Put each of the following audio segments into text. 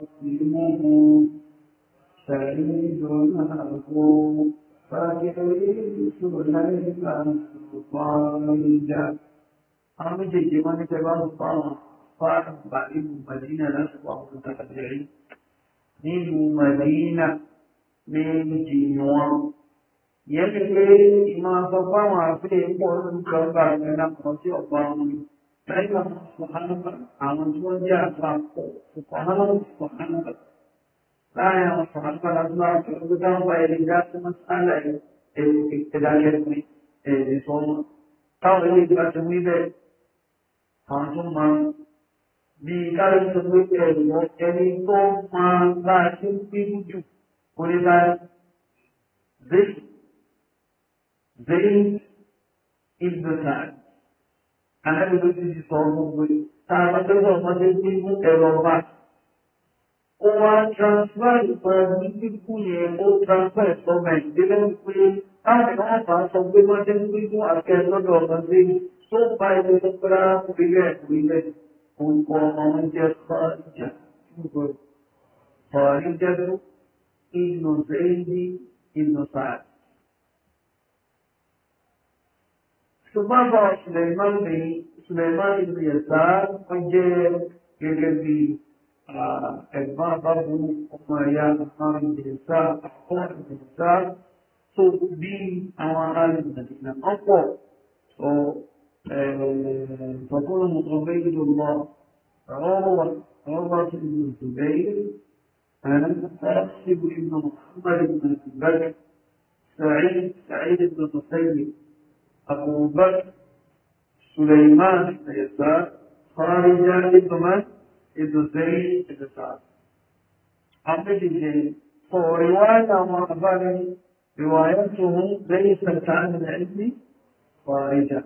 saraeaa aaaidiaaụ aụarari n'ihi waa najinwa nyeeaa awa dịrị aọụ ndị ọa a ụdi ọawụ فإن سبحان الله عمل وجاء فهمت سبحان الله فأنا سبحان الله أسمع كربتان وإرجاء مسألة ابتداء شرمي صوم تغيير بأسمي فانتم من bí káyọ̀ sọ pé ẹ̀rọ ẹni tó máa bá a ṣe ń bínú jù kò ní bá zéyìn zéyìn ibùdó náà Àlẹ́ ló ti sọ gbogbo tá a bá tẹ́lẹ̀ ọmọdé tí mú ẹ̀rọ wa. Ó wá transfer ìsọ ní kíkú yẹn ó transfer ìsọ Nàìjíríà pé láti máa fà á sọ pé wọ́n ti ń gbé fún àkẹ́ lọ́dọ̀ ọmọdé tó bá ilé tó pẹ́rẹ́ ìpínlẹ̀ ìpínlẹ̀ orúkọ ọmọ jẹ́ Fọ́ọ̀jà Fọ́ọ̀jà Fọ́ọ̀jà Fọ́ọ̀jà Fọ́ọ̀jà Fọ́ọ̀jà ṣùgbọ́n bọ̀ Suleiman bin Suleiman bin Yasar wọ́n jẹ́ gẹ́gẹ́ bí ẹ̀gbọ́n bábú ọmọ ẹ̀yà Suleiman bin Yasar àwọn bin Yasar tó bí àwọn ará Nàìjíríà ọ̀pọ̀ tó فكل متعبد الله روى روى ابن الزبير أنا أحسب ابن محمد بن بكر سعيد سعيد بن مسيب أبو بكر سليمان بن يسار خارجة ابن من ابن زيد بن سعد حمد الجليل فرواية معبر روايته ليست عن العلم خارجة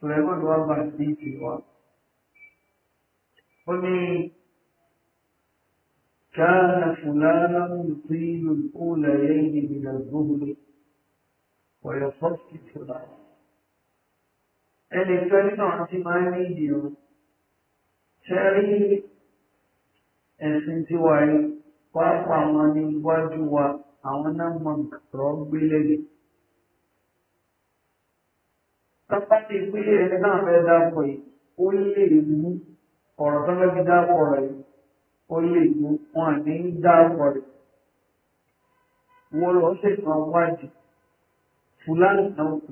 سليمان وضع حديثي وقل كان فلان يطيل الأوليين من الظهر ويصرف في البعض الإنسان اعتماني ديو شاري ẹ̀sìntìwárí pápá wọn ní iwájú wa àwọn náà mọ ọ̀rọ̀ gbélé ni. Tọ́pá ti ìpínlẹ̀ ẹni náà fẹ́ dápọ̀ yìí, ó lè mú ọ̀rọ̀ tó fẹ́ fi dápọ̀ rẹ̀ yìí, ó lè mú wọn ní dápọ̀ rẹ̀. Wọ́n lọ ṣètò àwọn wájú fúlàní náà kù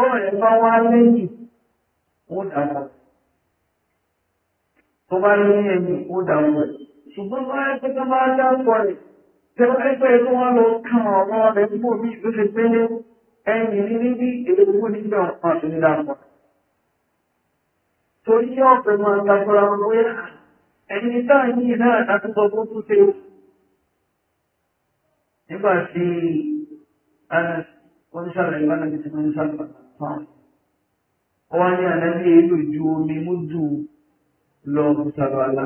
ọ̀rọ̀ ẹ̀ bá wá lẹ́yìn ó dàgbà tó bá ní ẹ̀yìn ó dàgbà ṣùgbọ́n bá yẹ pé tó bá dápọ̀ rẹ̀ tẹ́lá ẹgbẹ́ tó wá lọ kàn ọ̀rọ̀ rẹ̀ pọ̀ bí ló ṣe pé ẹ̀yìn ní níbi èèwọ̀ nígbà ọ̀pọ̀ àti nídàpọ̀ torí ọ̀pẹ̀ máa gbàgbọ́ra wọn bóyá ẹni táà ní ìlànà àtúntọ́ tó tún ṣe nígbà tí Anas wọ́n ń ṣàlàyé wọn náà ti máa ń sábà fáwọn. Wọ́n ní ànábì èlò ju omi múdù lọ sàlọ́lá.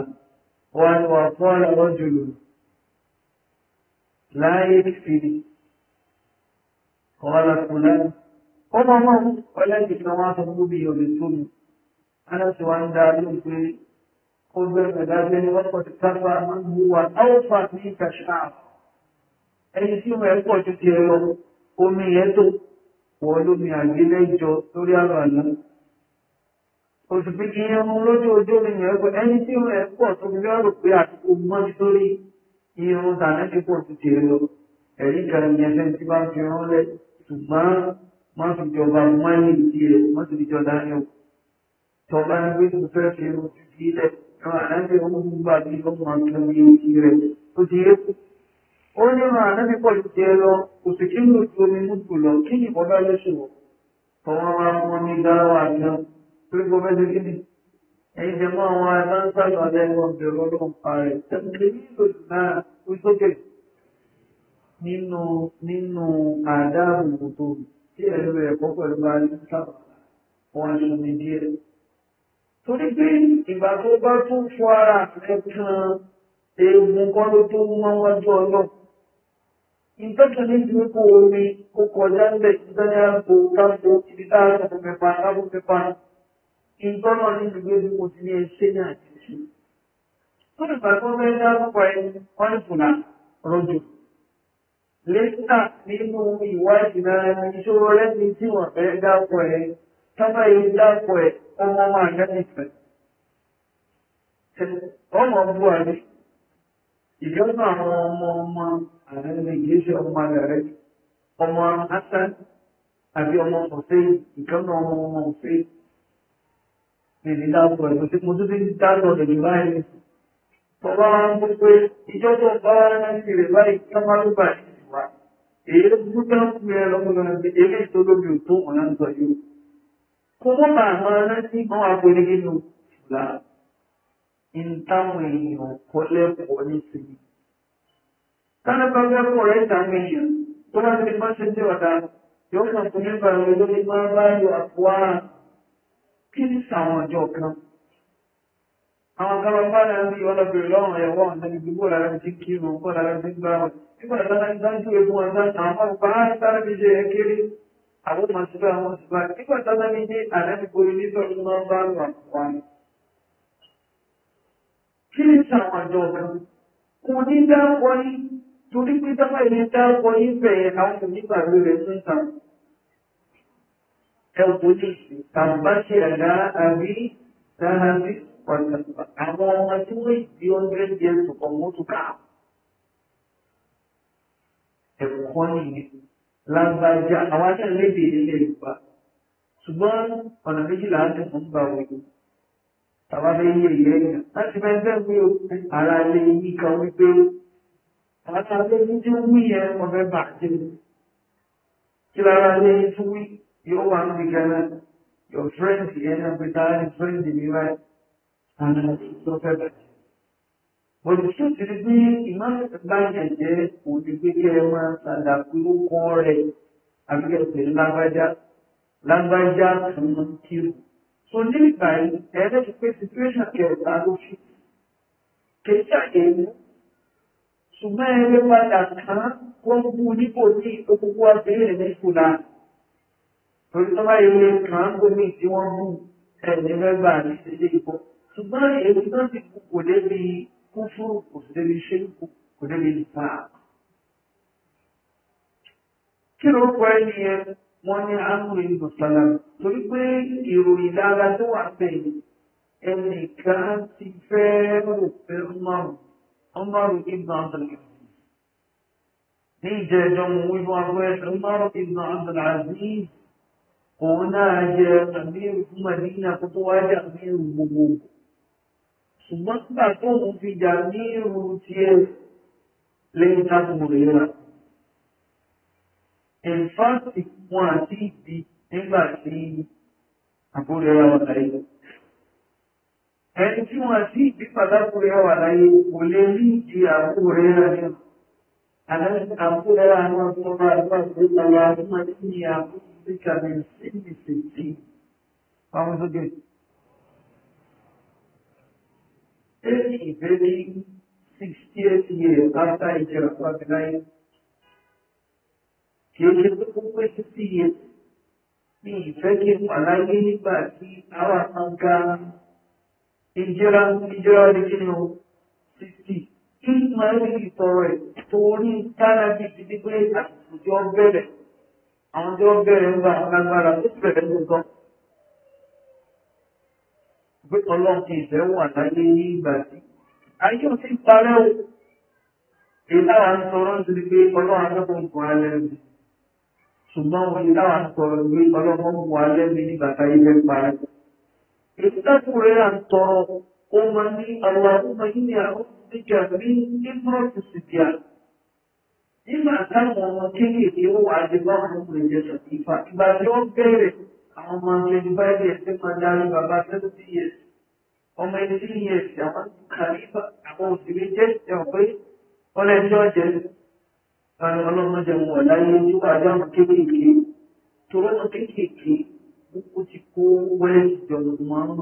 Wọ́n ní wà fọ́ọ̀lá lọ́jọ́ lò láàyè fìdí. Wọ́n lọ kù lẹ́nu. Ó máa máa ń ọlá ìdìbò wọn sọ fún bí ọ̀rẹ́ tó mi. Anas wa ń dá lóhùn pé ó bẹ̀rẹ̀ dájú ẹni wọ́n pọ̀ sí sáfà máa ń wúwa. Áwọ̀ fà ní ìkàṣà ẹni tí ó rẹ̀ pọ̀ ju ti ẹ lọ. omi ẹ̀tò wọ lómi àgbélẹ́jọ lórí àgbàná oṣù bí kí irun lójú ojú omi yẹn pé ẹni tí irun pọ̀ tó bí ọ̀rọ̀ pé àtúkò mọ́jú sórí tàná ti pọ̀ tó lọ ẹ̀rí kan tí bá ń fi rán lẹ̀ ṣùgbọ́n má fi jọba rẹ̀ má fi o tọba ń gbé tó fẹ́ fi irun ti sílẹ̀ ẹ̀rọ àdáńtẹ̀ ọmọ gbogbo àti ọmọ àti ọmọ ó ní ran ànábì pọ̀ ju tiẹ̀ lọ kò sì kí ló ju omi mútu lọ kí ni ìbọn bá yẹ ṣe wọ. tọwọ́ máa ń mú ní dáwọ́ àná torí gbọ́ bẹ́ẹ̀ lókè ní. ẹ̀yin jẹ́ mọ́ àwọn aláǹsàlù alẹ́wọ̀n bẹ̀rù ọlọ́run pa rẹ̀ tẹ̀lé nílò náà ó sókè nínú nínú àdáàbò kòtò tí ẹ̀rọ ẹ̀kọ́ pẹ̀lú bá ní sábà wọn aṣọ mi díẹ̀. torí pé ìgbà tó bá tún fọ ara rẹ̀ kan eegun kan ló tó mọ́ wájú ọlọ́run Intanto nel mio cuore, con quell'ande italiano, con tanto utilità, come fa, come fa, intorno all'individuo di continui insegnati. Come fa come da poi, quale funa, rojo. Letta nínú ìwà ìdìnà ìṣòro lẹ́ni tí wọ́n fẹ́ dápọ̀ ẹ̀, tábà yìí dápọ̀ ẹ̀, ọmọ máa dá nìfẹ̀ẹ́. Ọmọ bú àdé ìjọ́nù àwọn ọmọ ọmọ àrẹ́lẹ̀ yìí ṣe ọmọ rẹ̀ ọmọ Hasan àbí ọmọ ọ̀fẹ́ ìjọ́nù ọmọ ọmọ ọ̀fẹ́ nìyí dáàbò ẹ̀rọ tí mo tún fi dáàbò ẹ̀rọ báyìí bọ́bá wọn mú pé ìjọ tó bá wọn ti rè báyìí kí wọ́n máa ló bà ní ìwà èyí ló kú tó ń kú yẹn lọ́kùnrin bí eré ìtọ́lóbi òtún ọ̀nà ń sọ kó mọ́ bàá máa rántí àwọn àpò ìtàwọn èèyàn kọ́ lẹ́kọ̀ọ́ ní sinmi. Tánàbà lẹ́kọ̀ọ́ rẹ̀ tàwọn èèyàn tó bá ti máa ṣe tí ọ̀dà yóò kàn fún nípa ìwé lórí máa bá yọ àpòá kí ní sàwọn ọjọ́ kan. Àwọn kan máa bá náà ní ọlọ́bìnrin lọ́rùn ẹ̀wọ́ ọ̀nà ibi bó lára ti kírun bó lára ti gbá wọn. Nígbà tí wọ́n bá ń ju egun wọn bá àwọn ọmọkùnrin bá ń sáré bí ṣe ẹ kéré. Àwọn ọmọ ṣùgbọ́n àwọn ṣùgbọ́n nígbà bá ń gbé wọ́n bá ní kí ni ti àwọn àjọ ọ̀gá kò ní dárúkọ yín torí pé dábà yẹn dárúkọ yín bẹ̀rẹ̀ àwọn kò nígbà ló rẹ̀ fún ìtàn ẹ̀wọ̀n tó ní tàbá ṣe àdá àbí sáhábí àwọn ọmọ tí wọ́n di hundred years to come wọ́n tún ká ẹ̀kọ́ nìyẹn lágbájá àwọn akẹ́kọ̀ọ́ lébi ilé Yorùbá ṣùgbọ́n ọ̀nà méjìlá á tẹ̀sán gbà wọ̀nyí tàbá fẹ́ yí èyí ẹ̀yìn láti fẹ́ fẹ́ mi o ara ilé yí kan wípé àwọn abẹ́ ní tí ó wí yẹn wọ́n fẹ́ bà jẹ́ kí lára ilé yí tún wí yóò wà níbi gánà your friend yẹn náà pé tá a ní friend mi wá àná tó fẹ́ bà jẹ́. But the truth is pé ìmáàmù bá yẹn jẹ́ òní kí ẹ máa sàdà pé ó kọ́ rẹ̀ àbíkẹ́ pẹ̀lú lágbájá lágbájá tó ń kírun. Soun geni bayi, te rej ke spesifye jan kèd an do chit. Kè sa kèm, souban ene wak la kran, kwan pou li poti, kwan pou wak peye ene kou la. Kwan e pou wak ene kran, kwan pou wak peye ene wak, souban ene kwan peye pou kwenen li kou chou, pou kwenen li chen, pou kwenen li pa. Kilo kwa ene yèm. wọ́n ní amúre ní sọ̀sọ̀lá torí pé ìròyìn dára tó wà bẹ́ẹ̀ ẹnìkan ti fẹ́ rò pé ọmọrùn ọmọrùn ibùdó àbẹ̀lẹ̀ ní ìjẹ́jọ́ mo wí fún agbẹ́ ọmọrùn ibùdó àbẹ̀lẹ̀ òun náà jẹ àmírù fún màdínà kó wá jẹ àmírù gbogbo ṣùgbọ́n nígbà tó ń fi jà ní tiẹ̀ lẹ́yìn tá a ti mọ̀ lè yẹra ìfọ́sì wọn àti ìbí nígbà tí àbúrò ẹ̀yà wà láyé. Ẹni tí wọn àti ìbí pàtàkì ẹ̀yà wà láyé kò lè rí ìdí àbúrò ẹ̀yà rẹ̀. Àbúrò ẹ̀yà wọn tó bá bá tó lọ́wọ́ àbúrò ẹ̀yà ní àbúrò ìbíkà ní síbi sèǹtì. Wọ́n sókè. Ẹni ìbẹ́lí 68 years after ìjọba 19 kí ó ṣe pé kó pé títí yẹ ní ìfẹ́ kí pàláyé nígbà tí àwọn àtàǹkà ìjẹ́ra ìjẹ́ra ní kí ni ó sixty kí máa ń rí ìtọrọ ẹ̀ torí tára bíi ti di pé àsìkò jọ bẹ̀rẹ̀ àwọn jọ bẹ̀rẹ̀ ń gba àwọn agbára ó sì bẹ̀rẹ̀ lóòótọ́. ọlọ́run ti ìfẹ́ wà láyé ní tí ayé ò parẹ́ o èyí táwa ń sọ ọ́n ti di pé ọlọ́run akẹ́kọ̀ọ́ ń kọ́ alẹ́ ṣùgbọ́n omi láwà sọ̀rọ̀ ìwé ọlọ́gbọ́n mú alẹ́ mi ní bàtà ilẹ̀ parí. Ìtẹ́kù rẹ̀ à ń tọrọ, ó máa ní àwọn àbúmọ̀ yìí ni àwọn ìjà ní Ibrox Sidia. Nígbà táwọn ọmọ kéékèèké ó wà dé bá wọn kò jẹ ṣàtìfà, ìgbà tí ó bẹ̀rẹ̀ àwọn ọmọ twenty five years ṣe máa darí bàbá seventy years. Ọmọ eighteen years àwọn àwọn ọlọ́mọdé wọn láyé tí wọ́n ajá wọn kéékèèké torí wọn kéékèèké ó ti kó wẹ́ẹ̀sì jọ lọ́gbọ̀n àrùn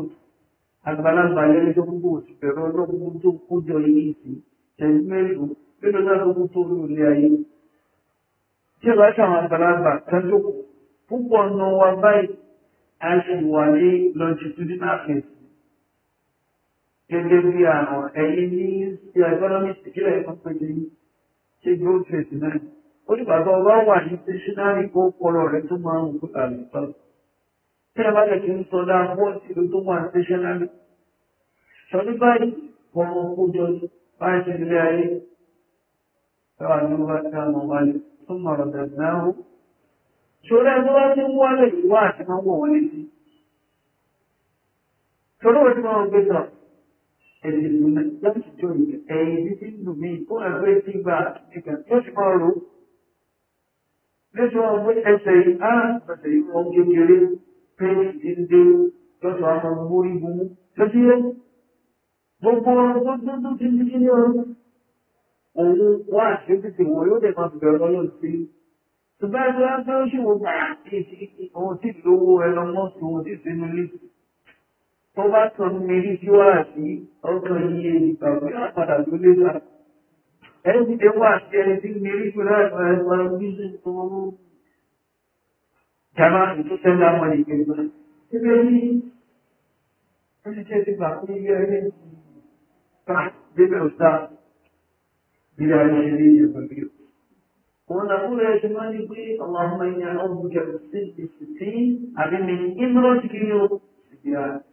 àgbàlagbà lẹ́lẹ́jọ́ gbogbo òsì bẹ̀rẹ̀ ọlọ́gbọ̀n tó kó jọ ilé ìsìn tẹ̀lé mẹ́rin nínú náà gbogbo tó lò ní ayé tí ó bá ṣàwọn àgbàlagbà tẹ́jú púpọ̀ nù wa báyìí a sì wà ní longitudinal ṣe growth rate náà ó dìgbà tó ọba wà ní stationary kó pọlọ rẹ tó máa ń gbé àlè sọ tí a bá lè kí n sọ dáa wọ́n ti lo tó máa stationary sọdún báyìí ọmọ kójọ báyìí ti rí ayé káwà ní wọn ká mọ wálé tó mọ ọ̀rọ̀ dàgbà náà ó ṣòro ẹgbẹ́ wá sí wálé ìwà àti máa wọ̀ wọlé sí ṣòro òtí máa ń gbé sọ̀rọ̀ ẹ̀dínlùmí láti jọ ẹ̀yìn títí lù mí kó ẹgbẹ́ tí gba nìkan tó sì máa rò lẹ́sọ̀ ọgbẹ́ ẹsẹ̀ yìí á bẹ̀sẹ̀ yìí wọ́n kékeré pé ìdíndé lọ́sọ̀ àwọn mórí bu lọ́sí yẹ gbogbo ọgbọ́n tó tó ti ní kíní ọ̀rọ̀ òun wá àṣírí títí wọn yóò dẹ̀ máa fi bẹ̀rẹ̀ lọ́yọ̀ sí i ṣùgbọ́n ẹgbẹ́ á fẹ́ ó ṣì wọ́n gbà àwọn tí lówó ẹ lọ́mọ́ sí wọn tí sínú lísì tó bá tán mi rí sí wá sí ọkàn iye ìgbàgbé àpàdà ló lé gbà. ẹni tí ó wà sí ẹni tí mi rí sí láì máa ń máa ń bí sí ọmọ. jàmá ètò tẹ́lẹ̀ àwọn ìgbìmọ̀ síbẹ̀ ní ẹni tí ẹ ti gbà fún iye ẹni ká débẹ̀ ọ̀sá bí a ṣe rí ìgbàgbé. ونقول يا جماعة اللهم إني أعوذ بك من السجن الستين أبي من إمرة كيلو سجيان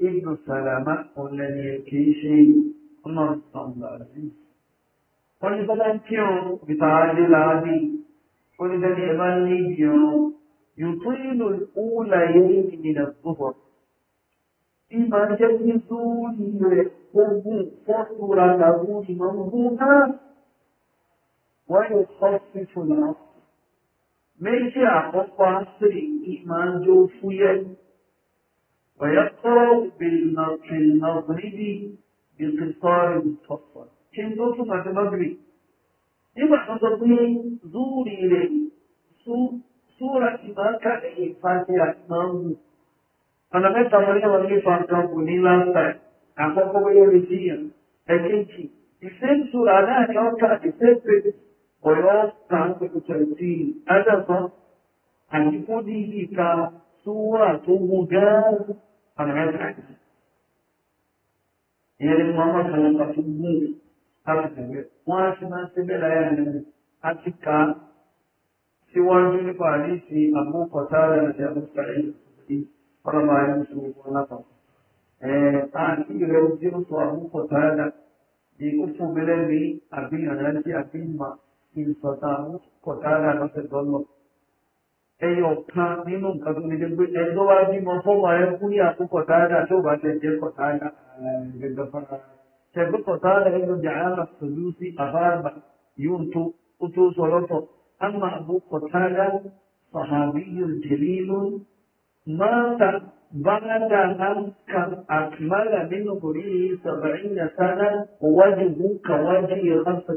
ابن سلامة والذي كي شيء عمر صلى الله عليه وسلم ولبدا كيو بتعالي العادي ولبدا إبالي كيو يطيل الأوليين من الظهر إما جمزون يحبون فطر لبون منظومة ويخفف العصر ميجي أخوة عصري إما جو فيل ويقرأ في المغرب بقصار مفصل كم تصف على المغرب يبقى حضرتين زوري لي سورة يعني ما كان فاتحة نامه أنا بس أمرين أمرين فاتحة بني لاستا أخوكم لكن كي إسم سورة أنا يوكا السيم بيت ويوز كانت كترتين أدفا أن يكون هي سورة مجاز Fundamentally, ìyẹn Muhammad Salam àti mú láti tẹ̀lé. Wọ́n á ṣe máa ń ṣe bẹ́ẹ̀ láyé àná àti ká síwájú nípa àríṣi àmúkọ̀tá rẹ̀ àti àbúkà ìlú ọ̀rọ̀ máa ń sọ wọn lápapọ̀. Àti ìrẹ̀ ojú ó sọ àmúkọ̀tá rẹ̀ ni ó fún mi lẹ́nu àbí àdájí àbí ìmọ̀ ìsọ̀tà àmúkọ̀tá rẹ̀ lọ́sẹ̀ tó ẹyọ kan nínú nǹkan tó lè jẹ pé ẹni tó bá bímọ fọmọ ẹ kú ní àkókò táyà tó bá tẹ jẹ kọ táyà gẹ́gẹ́ fara tẹgbẹ kọ táyà ẹnu jàára pẹ̀lú sí àbáàbà yóò tó ó tó sọ lọ́tọ̀ ama àbú kọ táyà sàhàbí yóò tẹlé ló máa ta bàdà àǹkà àtìmára nínú kòrí sàbàrínà sáná wájú kàwájú yóò hàn sí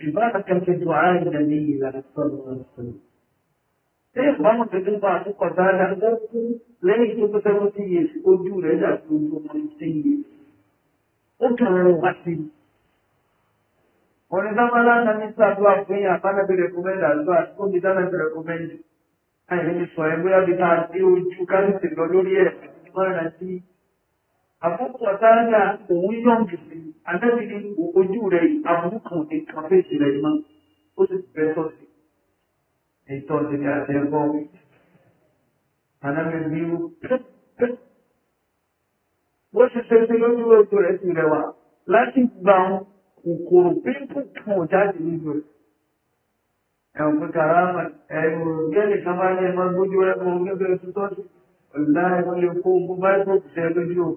عبادة كدعاء النبي صلى الله عليه وسلم Téèyàn bá mọ̀ pé nípa àtúkọ̀ dáadáa ló kú lẹ́yìn tó tó tẹ́wọ́ sí iye ojú rẹ̀ dàbí ojú ọmọ sí iye. Ó kàn rọrùn wá sí i. Ọ̀rẹ́ dámọ́lá náà ní sàdúrà fún yàn àbánábì rẹ̀kọ́mẹ́ndà àdúrà àti kóbi dánábì rẹ̀kọ́mẹ́ndì. Àìrìn sọ ẹ̀ bóyá bí ká dé ojú ká lè lọ lórí ẹ̀ àti mọ́ra sí i àkókò ọ̀tárádà òun yọ̀ǹgì sí anábìrin ojú rẹ̀ aburú kan ní kàféèsì rẹ̀ mọ́ ó sì bẹ́ sọ́ọ̀sì ètò ọ̀sẹ̀ àtẹ̀gbọ́ anábìrin bí ó bó ṣe ṣe sí lójú ojú rẹ̀ sì rẹwà láti gba kòkòrò pínpín kan jáde nínú rẹ̀ ẹ̀wọ̀n pé kàrá ẹ̀rù gẹ́lì kan bá ní ẹ̀mọ́ gbójú ẹ̀mọ́ gẹ́gẹ́ tuntun ọ̀dùnlá ẹ̀wọ̀n lè kó gbogbo báyìí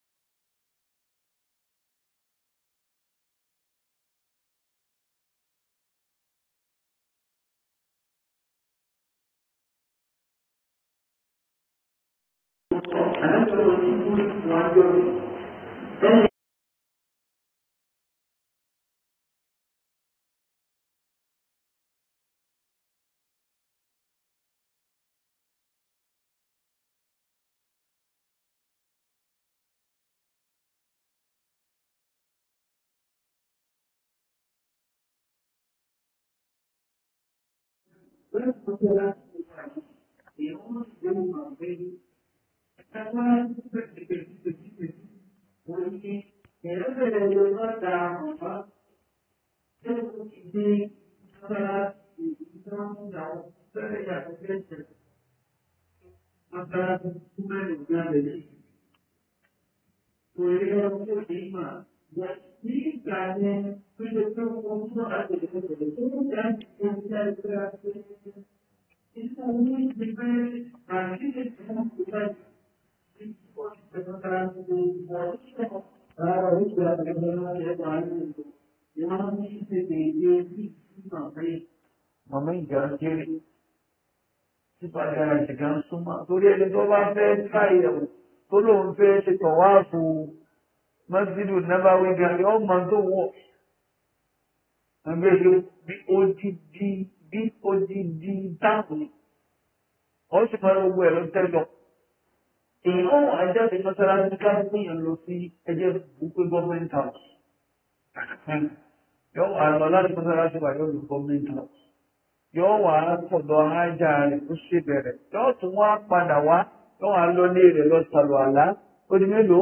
adentro non si può guardare Thank you. 参观这个这个这个这个，我已经了解了有关这个这个这个这个事情。大家已经拥有这样的一些知识，大家应该了解这些。为了促进嘛，我们大家呢，随着政府的大力的支持，我们大家应该去，形成一种啊积极的氛围。Màmá ìjà kéré tí padà ìjìgá ń súnmọ́. Torí ẹni tó bá fẹ́ ṣàyẹ̀wò tó lóun fẹ́ ṣe tọ̀wá fún Mọ́sídù Nábáwí Gàrí ọmọ tó wọ̀. Ẹgbẹ́ ló bí odidi bí odidi táàbù. Ó sì máa ń gbogbo ẹ̀ ló tẹ́lọ̀ èèyàn wà jáde mọ́sálásí káàkiri lọ sí ẹjẹ́ wípé government house yọ wà lọ láti mọ́sálásí wà yọ lù gọ́ọ̀mẹ́ntì house yọ wà sọ̀dọ̀ ajá rẹ̀ tó ṣe bẹ̀rẹ̀ yọ tún wá padà wá yọ wà lọ ní rẹ̀ lọ sàlọ̀ àlá ó di mélòó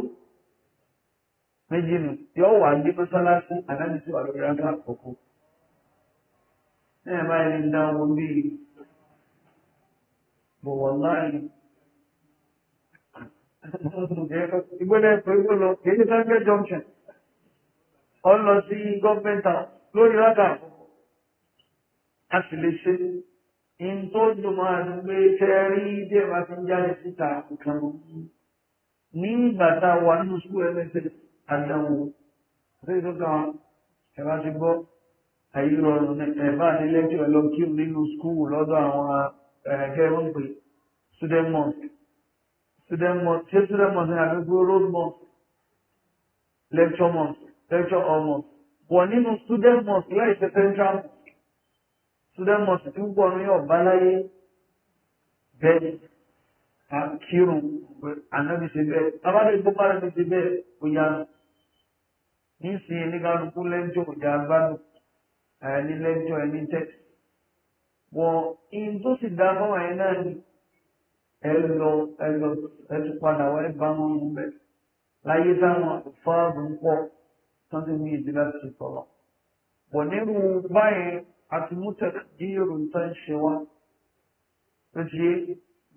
méjì nù yọ wà ní mọ́sálásí àdánisí wà lórí ráńkà àkọ́kọ́ ẹ̀ máa bíi bọ̀wọ̀ láàyè. ìgbélé pẹ̀lú lọ èyí sẹ́ńgẹ́ junction ọ lọ sí gọ́ọ̀mẹ́ntà lórí rádà a sì lè ṣe in tó dùn máa ń gbé ṣe rí díẹ̀ bá ti ń jáde síta nǹkan ní ìgbà tá a wà nínú sùkúl ẹlẹ́sẹ̀ àdánwò àti tó kàn ẹ bá ti gbọ́ àyè rọrùn ẹ̀bá nílẹ̀ tí ọlọ́kí nínú sùkúl lọ́dọ̀ àwọn ẹ̀kẹ́ wọ́n pè student mosque student month ṣé student month ní àdúgbò road month lecture month lecture all month wọ̀ nínú student month láì ṣe central month student month tí ń gbọ́nu yóò bá láyé bẹ́ẹ̀ kírun ànábi ṣe bẹ́ẹ̀ abáde gbogbo ara mi ṣe bẹ́ẹ̀ kò yá nísìnyí nígbàlùkù lẹ́jọ́ kò já gbádùn ẹ̀ ní lẹ́jọ́ ẹ̀ ní tẹ́tì wọ̀ ihun tó sì dá fáwọn ẹ̀ náà ni ẹ lọ ẹ lọ ẹ tún padà wá ẹ bá wọn mú bẹ láyé táwọn fáàbù ń pọ tán ti ní ìdílé àti ìtọ́lọ̀ bọ̀ nínú báyẹn àti mútẹ̀ yíyọ̀rù tó ń ṣe wá ló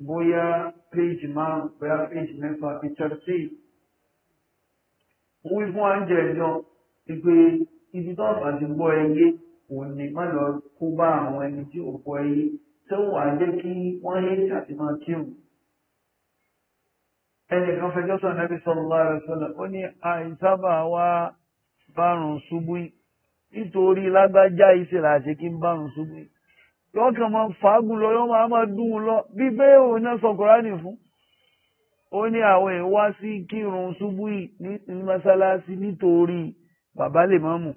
bóyá péjì márùn bóyá péjì mẹ́fà picture tí wọ́n fún àjẹ́ ẹ̀jọ́ ìpè ibi tó àbàdì gbọ́ ẹyé òní má lọ kó bá àwọn ẹni tí ò gbọ́ ẹyé tó wà jẹ́ kí wọ́n lé àti máa kírun ẹnìkan fẹjọ́ sọ nẹ́bí sallallahu alaihi wasallam ó ní àìsábà wá bárùn ṣubú nítorí lágbájá ìṣẹ̀lẹ̀ àṣẹ kí n bárùn ṣubú yọ kàn máa fàágùn lọ yọ máa máa dùn lọ bí bẹ́ẹ̀ òun náà sọ kùránì fún ó ní àwọn èèyàn wá sí kírun ṣubú ní mọ́sálásí nítorí bàbá lè máa mú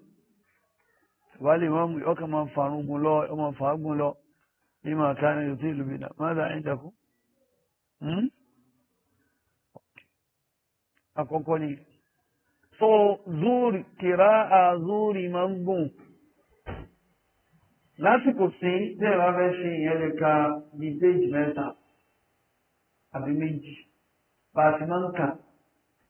bàbá lè máa mú yọ kàn máa fàágùn lọ yọ máa fàágùn lọ. بما كان يطيل بنا ماذا عندكم àkọ́kọ́ ni so zuri kira a zuri máa ń gùn lásìkò sí tí ẹ̀rọ fẹ́ ṣe ìyẹn lè ka bíi péjì mẹ́ta àbí méjì bá a ti máa ń kà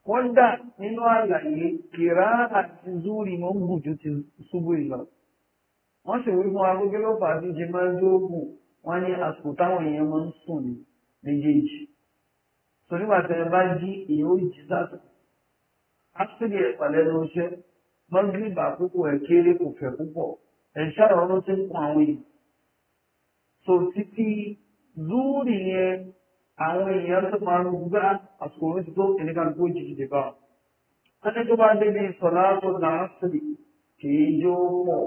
wọ́n dà nínú àlàyé kira àti zuri máa ń gùn ju ti ṣubú ìlọ wọ́n sì wí fún wa pé kí ló fà á ti ṣe máa ń dúró gùn wọ́n ní àsìkò táwọn èèyàn máa ń sùn ní méjèèjì torí wà tẹ̀lé bá jí èèyàn ó jí sátọ̀ ásílì ẹ̀pàlẹ́ ló ṣẹ́ mọ́gìrìbà àkókò ẹ̀ kéré kò fẹ̀ púpọ̀ ẹ̀ṣá ọ̀rọ̀ ti ń kun àwọn èèyàn so títí zúúrì yẹn àwọn èèyàn tó máa ń gbá àsìkò orí ti tó ẹnìkan kó jìjì dè bá wọn. wọ́n tó bá débi ìsọ̀lá tó dáná sílì kì í jó pọ̀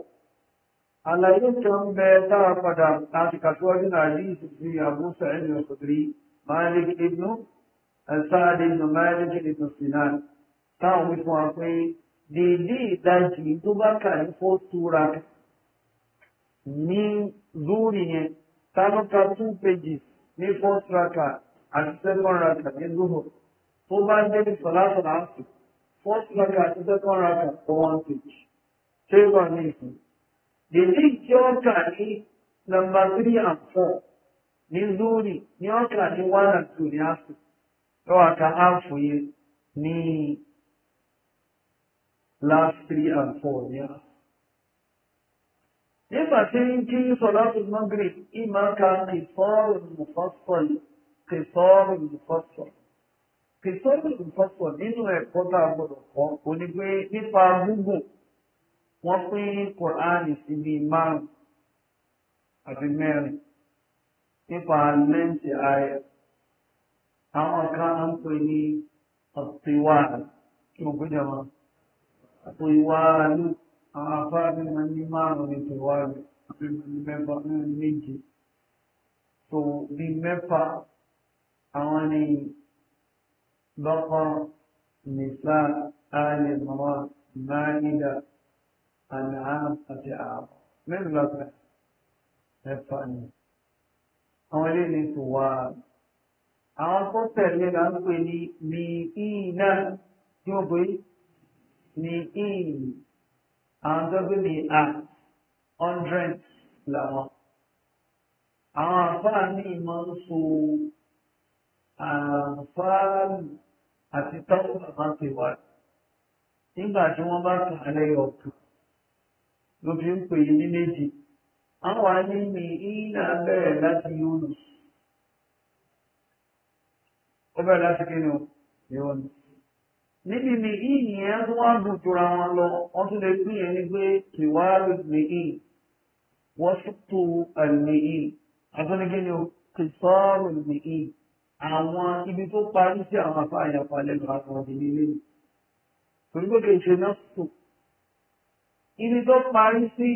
àlàyé kan bẹ tára padà láti kàṣíwájú náà rí ìsìnkú Abu Sa'id al-Khudri Malik ibn eh, Sa'd ibn Malik ibn Sinan táwọn wí fún wa pé dèédé ìdajì tó bá kà ní fọ́túra ní zúrì yẹn tánúkà two pages ní first raka àti second raka ní zuhur tó bá débi sọ̀lásọ̀lá sí first raka àti second raka for one page. Ṣé ìwà ní ìsìn? lèyí tí ó kà ní nọ́mbà three and four ní zuri ní ó kà ní one and two ní afu yóò wá ka afu yìí ní last three and four ní afu. nígbà tí ń kí sọláàtù magrib ìmọ̀ ka kìsọ́ọ̀rù mufasọ̀lì kìsọ́ọ̀rù mufasọ̀lì kìsọ́ọ̀rù mufasọ̀lì nínú ẹ̀kọ́ tá a gbọ́dọ̀ kọ́ onígbé nípa gúgùn wọ́n pín kòránì sí bí márùn àti mẹ́rin nípa lẹ́ǹtì ayẹ àwọn kan ń pè ní ọ̀tíwá kí wọ́n gbéjà wọn àpò ìwà ní àwọn afárá máa ní márùn ní tìwá rẹ̀ àti mẹ́fà ní méje so bí mẹ́fà àwọn ni bọ́kọ̀ nìsa alẹ́ mọ́wá máa nídàá àdáhàm àti ààbọ̀ mẹ́rin lọ́pẹ́ ẹ̀fà ni àwọn ilé ní tùwà àwọn tó tẹ̀lé là ń pè ní ní ìnà tí wọ́n pè ní ìnì àwọn tó gbé ní à hundred làwọn àwọn àfáà ní ìmọ̀ ń so àfáà àti tọ́wọ́ àbáṣe wà nígbà tí wọ́n bá kà á lẹ́yọ̀ ló fi ń pè ní méjì àwọn àníní ìlà bẹ̀rẹ̀ láti Yunus ó bẹ̀rẹ̀ láti kínú Yunus níbi ní ìyẹn tó wá dùn jura wọn lọ wọ́n tún lè pín yẹn ní pé kìwárí ní ìyí wọ́n ṣètò àìní ìyí àtúnikí ni kìsọ́ọ̀rù ní ìyí àwọn ibi tó parí sí àwọn afáàyàn palẹ̀ lọ́wọ́ àwọn ìdílé torí pé kì náà sùn ibi tó parí sí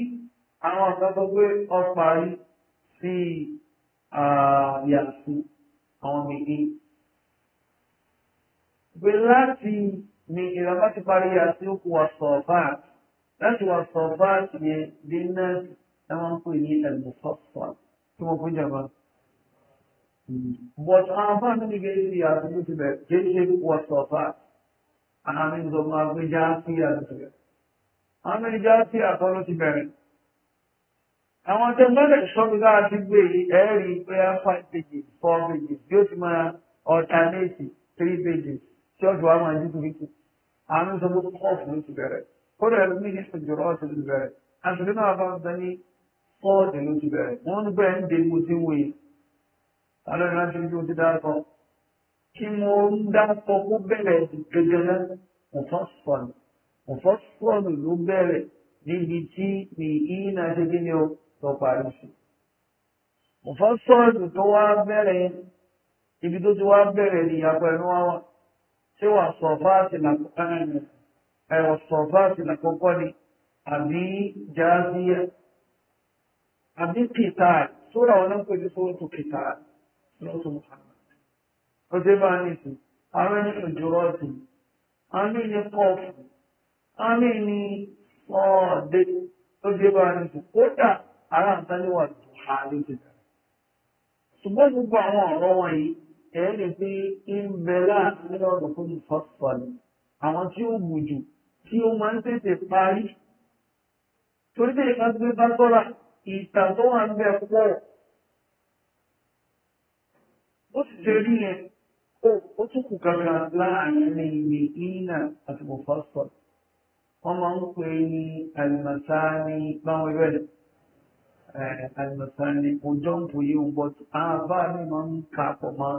àwọn ọ̀sán tó gbé ọ parí sí yàtú àwọn mìíní. Gbé láti ni ìrànlọ́ ti parí yàtú kù ọ̀sọ̀ bá láti wà sọ̀ bá yẹ dé náà ẹ máa ń pè ní ẹ̀lùfọ́fọ́ tí wọ́n fún jàmbá. But àwọn afá tó ní gẹ́gẹ́ sí ti bẹ̀ kí ṣe wà sọ̀ bá àmì ìzọ̀mọ̀ àgbéjà sí yàtú tó bẹ̀ àwọn ẹja tí àtọ́lọ́ ti bẹ̀rẹ̀. Àwọn tẹ mọ́lẹ̀ ṣọ́gbá ti gbé ẹ̀rí pé á five pages four pages bí ó ti máa alternate three pages tí ọ̀dọ̀ wa máa dídú wíkì. Àwọn sọ pé kọ́ọ̀fù ló ti bẹ̀rẹ̀. Kódà ẹ̀rọ ní ìṣẹ̀ jọ̀rọ̀ ọ̀sẹ̀ ló ti bẹ̀rẹ̀. Àṣìlẹ̀ náà bá ń ní fọ́ọ̀dì ló ti bẹ̀rẹ̀. Wọ́n ń bẹ̀rẹ̀ ń de mo ti wò yìí. Àlọ́ ìrántí mufasọ́nù ló bẹ̀rẹ̀ níbi tí ní ìyínà ṣẹ́gi ni ó tó parí sí. mufasọ́nù tó wá bẹ̀rẹ̀ ibi tó ti wá bẹ̀rẹ̀ ní ìyàpọ̀ ẹnu wá wá ṣé wà sọ̀fáàtì làkọ́kọ́ ni àbí jáàzíyà àbí kìtàì sóra wọn náà pèsè sóra tó kìtàì lọ́tọ̀ muhammad ó dé bá ní ìsìn àwọn ènìyàn jùlọ sí àwọn ènìyàn kọ́ọ̀fù àmín ọ̀ọ́dẹ tó dé bá ní kò kódà ara nǹkan ní wà tó ha ló ti dà. ṣùgbọ́n gbogbo àwọn ọ̀rọ̀ wọ̀nyí ẹ̀ lè fi ń bẹ láàrin nínú ọ̀rọ̀ fún mi fọ́sọ̀lù àwọn tí ó wù jù tí ó máa ń tètè parí. torí bẹ́ẹ̀ ká gbé bá tọ́ra ìtàn tó wà ń bẹ pọ̀. ó sì ṣe rí yẹn ó tún kù kára láàrin ní ìlú ìlànà àti mọ̀fọ́sọ̀lù wọ́n máa ń pè ní alimasani báwọn ẹgbẹ́ alimasani ọjọ́ ń fòye ń bọ́ tó àbá mi máa ń kà pọ̀ mọ́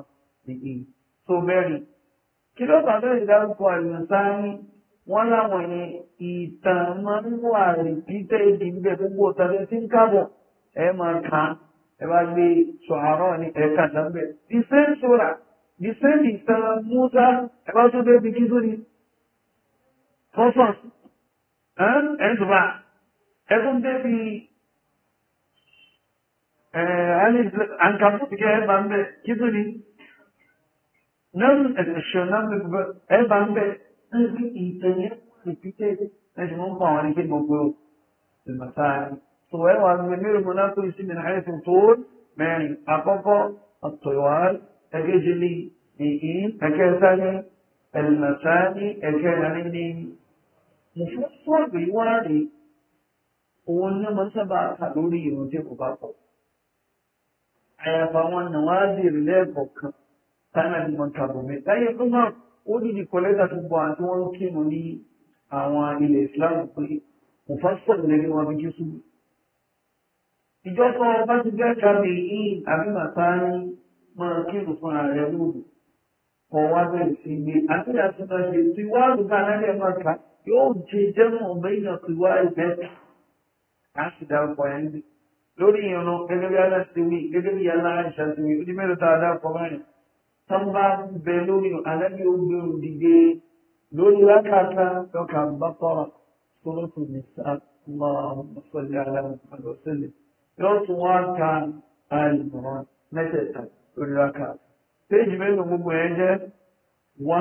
nìyí tó bẹ́ẹ̀rì kí ló bàbá ìdárúkọ alimasani wọ́n láwọn yẹn ìtàn máa ń wà rìpítẹ́ èdè níbẹ̀ gbogbo tàbí tí ń kábọ̀ ẹ máa kà ẹ bá gbé sọ̀hárọ̀ ní ẹ̀ka lábẹ́ the same sora the same ìtàn Musa ẹ bá tún débi kí tó ní. Fọ́sọ̀sì un droit. آه، أنا depuis أنكم تجاه بامبي كذولي نم الشنام بقى إيه بامبي أنتي أنا نبيتي نجمع معاني كده بقول المسائل سواء والممير المناسب يصير من حيث الطول من أقوى الطوال الرجلي إيه فكذا المسائل الكلامي mùsùlùmí wá rè òun ní ọmọ sábà kà lórí ìrùn tí kò bá pọ̀ àyàfà wọn nà wá bèrè lẹ́ẹ̀kọ̀ọ̀kan táwọn àti mọ̀tàbọ̀mí láyé tó máa ó dìdí kọ̀lẹ́tà tó bọ̀ àti wọ́n kí mu ní àwọn ilẹ̀ Islam pé kò fà sọ̀rọ̀ lẹ́nu wọn bí Jésù ìjọba ọba ti bẹ́ẹ̀ tàbí yìí àbí màtá ní máa kírun fún ààrẹ lóògùn ọwọ́ abẹ́rẹ́ sí gbé àti àtúntà ṣe tí wọ́n àlùkà láyé ẹ̀fọ́ àkà yóò jẹ jẹ́mọ̀ ọ̀bẹ́yìn tí wọ́n ẹ̀fẹ́ á sì dárúkọ yẹn níbi lórí ìrànà gẹ́gẹ́ bí alá ti wí gẹ́gẹ́ bí alá àìsà ti wí ojú mẹ́rin tá a dárúkọ báyìí tó ń bá bẹ lórí alábí ogbe òdìgbé lórí lákàtà lọ́kà bàtọ́rà sọ́lọ́tù nìsà lọ́sọ̀lẹ̀ aláwọ̀ yóò tún wá ka àìmọ̀ mẹ́tẹ̀ẹ̀ta lórí lákàtà péjì mélòó gbogbo ẹ̀ jẹ́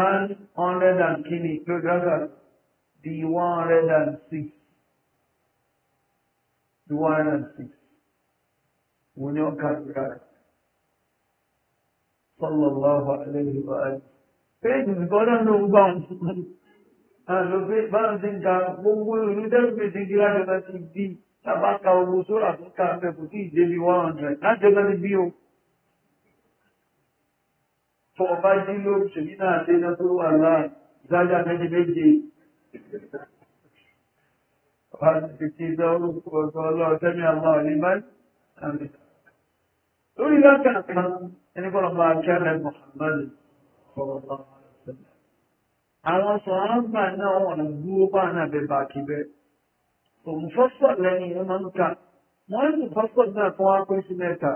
one hundred and kini kilograms di one hundred and six di one hundred and six wọ́n ní ọkà ìgbà sallallahu alayhi wa sallam péjì gbọ́dọ̀ ló ń gbà wọn àlùfẹ́ ti ń ka gbogbo ìlú tẹ́lifẹ̀ ti di lájọba ti di tàbá ka owó sóra tó ka fẹ́ kò sí one hundred lájọba ti bí o tó ọba jí ló ṣèyí náà dé náà tó wà láà ìdájà méjì méje ọba ti ti dá orúkọ ọ̀sán ọlọ́run tẹ́mi àwọn ọ̀lẹ́ báyìí lórí lákàtà ẹni kọ́ ọba akẹ́rẹ́ Muhammad ọ̀rọ̀lá àwọn sọ̀rọ̀ǹgbà náà wọn ọ̀nà gbúwó bá náà bẹ bá kíbẹ́ òun fọ́sọ̀ lẹ́yìn ẹ máa ń ka wọ́n ń fọ́sọ̀ náà fún wa mẹ́ta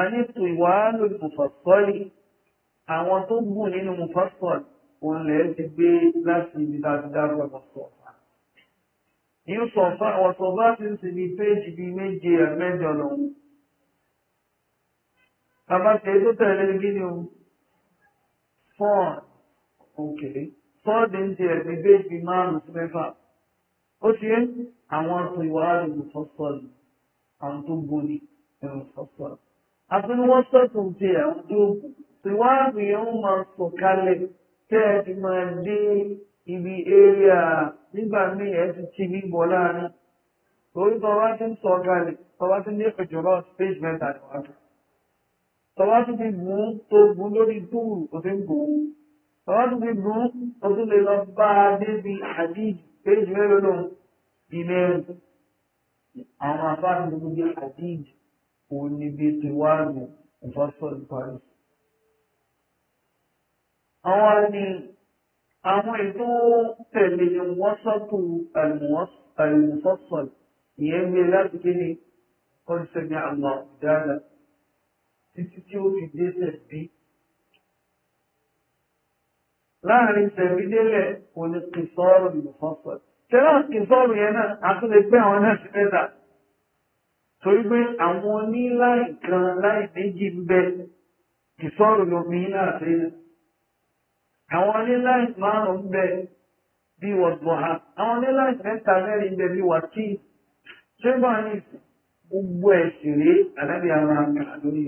a ní tò ìwà lórí fòfàfọ́lì àwọn tó gùn nínú mufasol òun lè ti gbé láti ibi láti dárúgbà kan sọ ọ̀fà nínú sọ̀fà àwọn sọ̀fà ti ń sinmi péjì bíi méje àmẹ́jọ lọ́wọ́ àbáṣe tó tẹ̀lé gíní o fọ́ọ̀n òkè sọ́ọ̀dì ń ti ẹ̀mí béèjì márùn-ún sí mẹ́fà ó ti ń àwọn aṣọ ìwà àrùn fọ́sọ̀lù àwọn tó gbóni ẹ̀rùn fọ́sọ̀lù àti ni wọ́n sọ́tún ti àwọn tó gbóni síwáàbù yẹn ó máa sọ̀ kalẹ̀ tẹ́ ẹ ti máa dé ibi area nígbà míì ẹ ti ti bíbọ̀ láàrin torí tọ́wá ti ń sọ̀ kalẹ̀ tọ́wá ti ní ìjọba stage mẹ́ta níwájú tọ́wá ti ti gùn tó gùn lórí túùrù kò sí gùn tọ́wá ti ti gùn tó tún lè lọ bá a débi hadith page mélòó lòun ìmẹ́rin àwọn afáàní gbogbo bí hadith òní bí tiwáàbù ìfọ́sọ̀rọ̀ paris àwọn ni àwọn ètò tẹ̀lé wọ́sọ̀tù àlùmọ́sọ̀sọ̀l ìyẹn gbé láti kí ni kọ́ńsẹ̀mí àmọ́ dáadáa títí tí ó fi dé sẹ̀bí. láàrin sẹ̀bí délẹ̀ kò ní kìsọ́ọ̀rù àlùmọ́sọ̀l tẹ́lá kìsọ́ọ̀rù yẹn náà àtúndẹ̀gbẹ́ àwọn náà ti mẹ́ta torí pé àwọn oníláì kan láì méjì ń bẹ kìsọ́ọ̀rù lomi náà ṣe é àwọn oníláìsì márùn-ún bẹ bí wọ̀gbọ̀n ha àwọn oníláìsì mẹ́ta mẹ́rin bẹ bí wàkí ṣẹ́gbà ní gbogbo ẹ̀sìn rèé àdábì àwọn àgbà lórí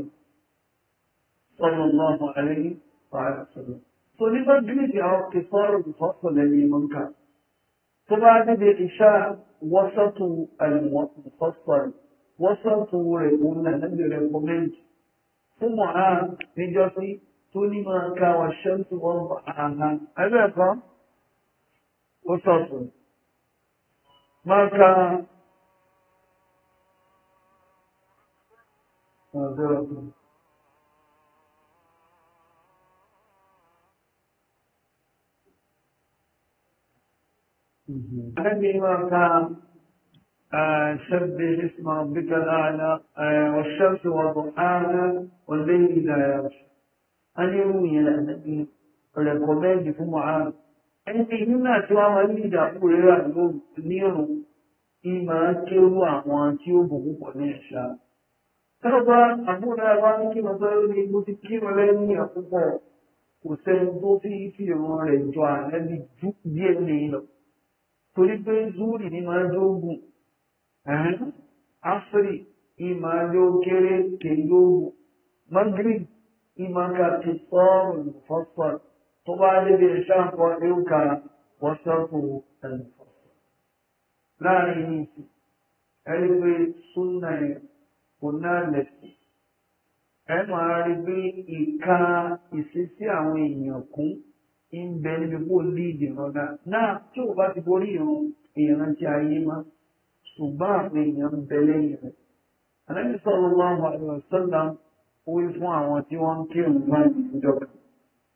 ọ̀nà ọ̀nà àlẹ́yìn pàrọ̀ sọ̀rọ̀. tó nípa gíríkì àwọn kẹfọ́rọ̀ ìfọ́sọ̀ lẹ́yìn mọ́ńkà tó bá dédé iṣẹ́ wọ́sọ̀tù àlùfọ́sọ̀ wọ́sọ̀tù rẹ̀ òun náà ظلم كان والشمس والضحاها هذا كان وسط ما كان هذا ما كان سبح اسم ربك الأعلى آه، والشمس وضحاها والليل إذا يغشى alérú yẹn lẹ́sẹ̀kí eh, rẹ̀kọ́mẹ́ndì fún mohan ẹni nínú àti wọn máa ní ìdàpọ̀ rẹ̀ rà ní ọ̀run ní máa kéwú àwọn tí ó bò púpọ̀ ní ẹ̀ṣá. tọ́gbà àbúrò àbá ní kí wọ́n sọ́yọ́ ní mo ti kírun lẹ́yìn àkókò kò sẹ́ni tó fi fi ìran rẹ̀ jọ àlẹ́bí ju díẹ̀ lè lọ. torí pé zúrì ni máa jó áfírì ni máa kéré kéjó mọ́gírì إمك قطار مفصل طبعا بالشام وإنك وشرطه المفصل لا يميس ألف wí fún àwọn tí wọ́n ń kírun máa ń jọba.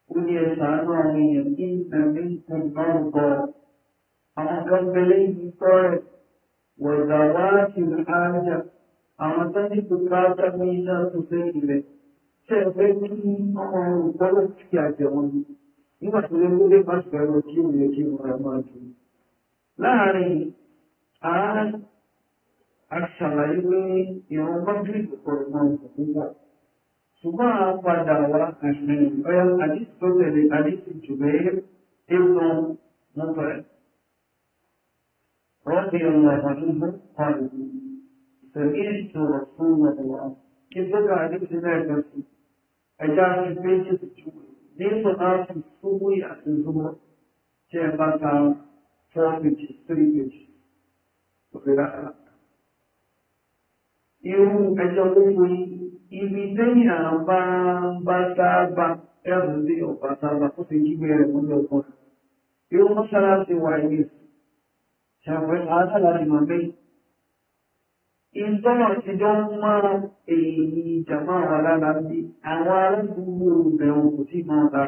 Ó ní ẹ̀ṣà náà ní ẹ̀kí ìtàmí ìkùn náà bọ̀. Àwọn kan bẹ̀rẹ̀ yìí kọ́ ẹ̀ wọ̀dà wá sí ààjà. Àwọn tó ní kùkà tàbí iná tó fẹ́ ilẹ̀. Ṣé ẹ fẹ́ kí ọmọ olùkọ́lọ̀ kí àjẹmọ́ ni? Nígbà tó lé lórí bá lọ kí òun yẹ kí òun máa jù. Láàárín àá àṣàlàyé pé ìrànwọ́ bí ìgbà ṣùgbọ́n a padà wá ẹ̀sìn ọ̀yá àdìsí tó tẹ̀lé àdìsí jùbẹ́ ìlú mọ́tòrẹ́. رضي الله عنه قال سئلت رسول الله كيف بدأ عليك ذلك أجعل في بيت الجمعة ليس آخر الصبح أخر الظهر كيف بقى فوقك سريبك وقراءة يوم أجل ibi tẹ́yìn àbá bá sáábà yàtọ̀ sí ọ̀pá sáábà ó ti gbígbé rẹ̀ mú lọ́kàn irú mọ́ṣáláṣí wà ní ṣàfihàn aṣáláṣí máa bẹ́ẹ̀. ìtọ́nà ti jọ ń máa èyí ìjàmbá àwọn alára bí àwọn arábùgbò ìbẹ̀rù kò tí máa bá.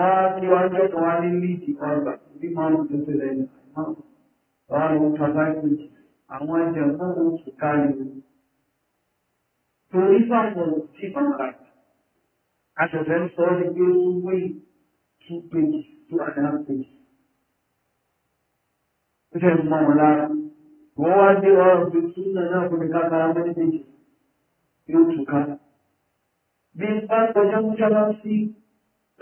Àwọn tí wọ́n jẹ́ kan wá ní líìtì kan gbà bí máa ń tó tó lẹ́nu. Wọ́n á lọ pàtàkì àwọn ẹ̀jẹ̀ náà ó kì káyọ̀ torí báwo ti bàbá àtẹ̀fẹ́ ń sọ ní pé ó wé two pages two and a half pages. ó fẹ́ mọ wọn lára wọ́n wá dé ọ̀rọ̀ pé tún náà náà fún mi ká kára mọ́ ní méjì yóò tún ká. bí bá kọjá ń sábà sí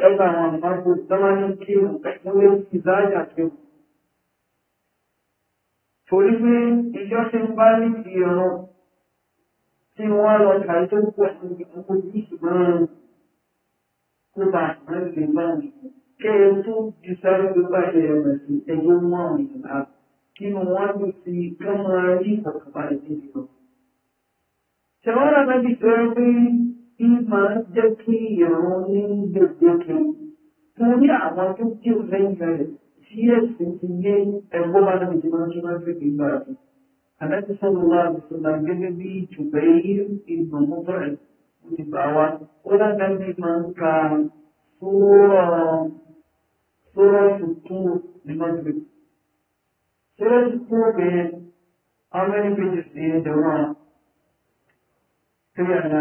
ẹgbẹ́ àwọn àpapọ̀ dáwájú kí wọ́n lè fi záàjà tó. torí pé ìjọ́sìn bá ní ti tí wọ́n lọ ṣàlàyé tó ń pọ̀ sí ọkọ̀ yìí ṣùgbọ́n kó bá àwọn ìgbé báyìí kéré tó ju sáré tó bá ṣe ẹ̀rọ sí ẹgbẹ́ mọ́ àwọn ìgbà kí wọ́n lù sí kọ́mọ rí ìfọ̀kànbalẹ̀ níbi lọ. ṣàwárà náà bí tó pé kí máa jẹ́ kí ìrún ní gbèdéke torí àwọn tó kí ó lẹ́yìn rẹ̀ tí ẹ̀sìn ti yé ẹgbẹ́ bá náà Ànábì sallallahu alaihi wasallam gẹ́gẹ́ bí Jubair ibn Mut'im ti bá wa. Ó dáadáa bí máa ń ka sórọ̀ tuntun ní Mọ́tìrì. Sórọ̀ tuntun bẹ́ẹ̀ àwọn ẹni bí ti ṣe jọmọ́ three and a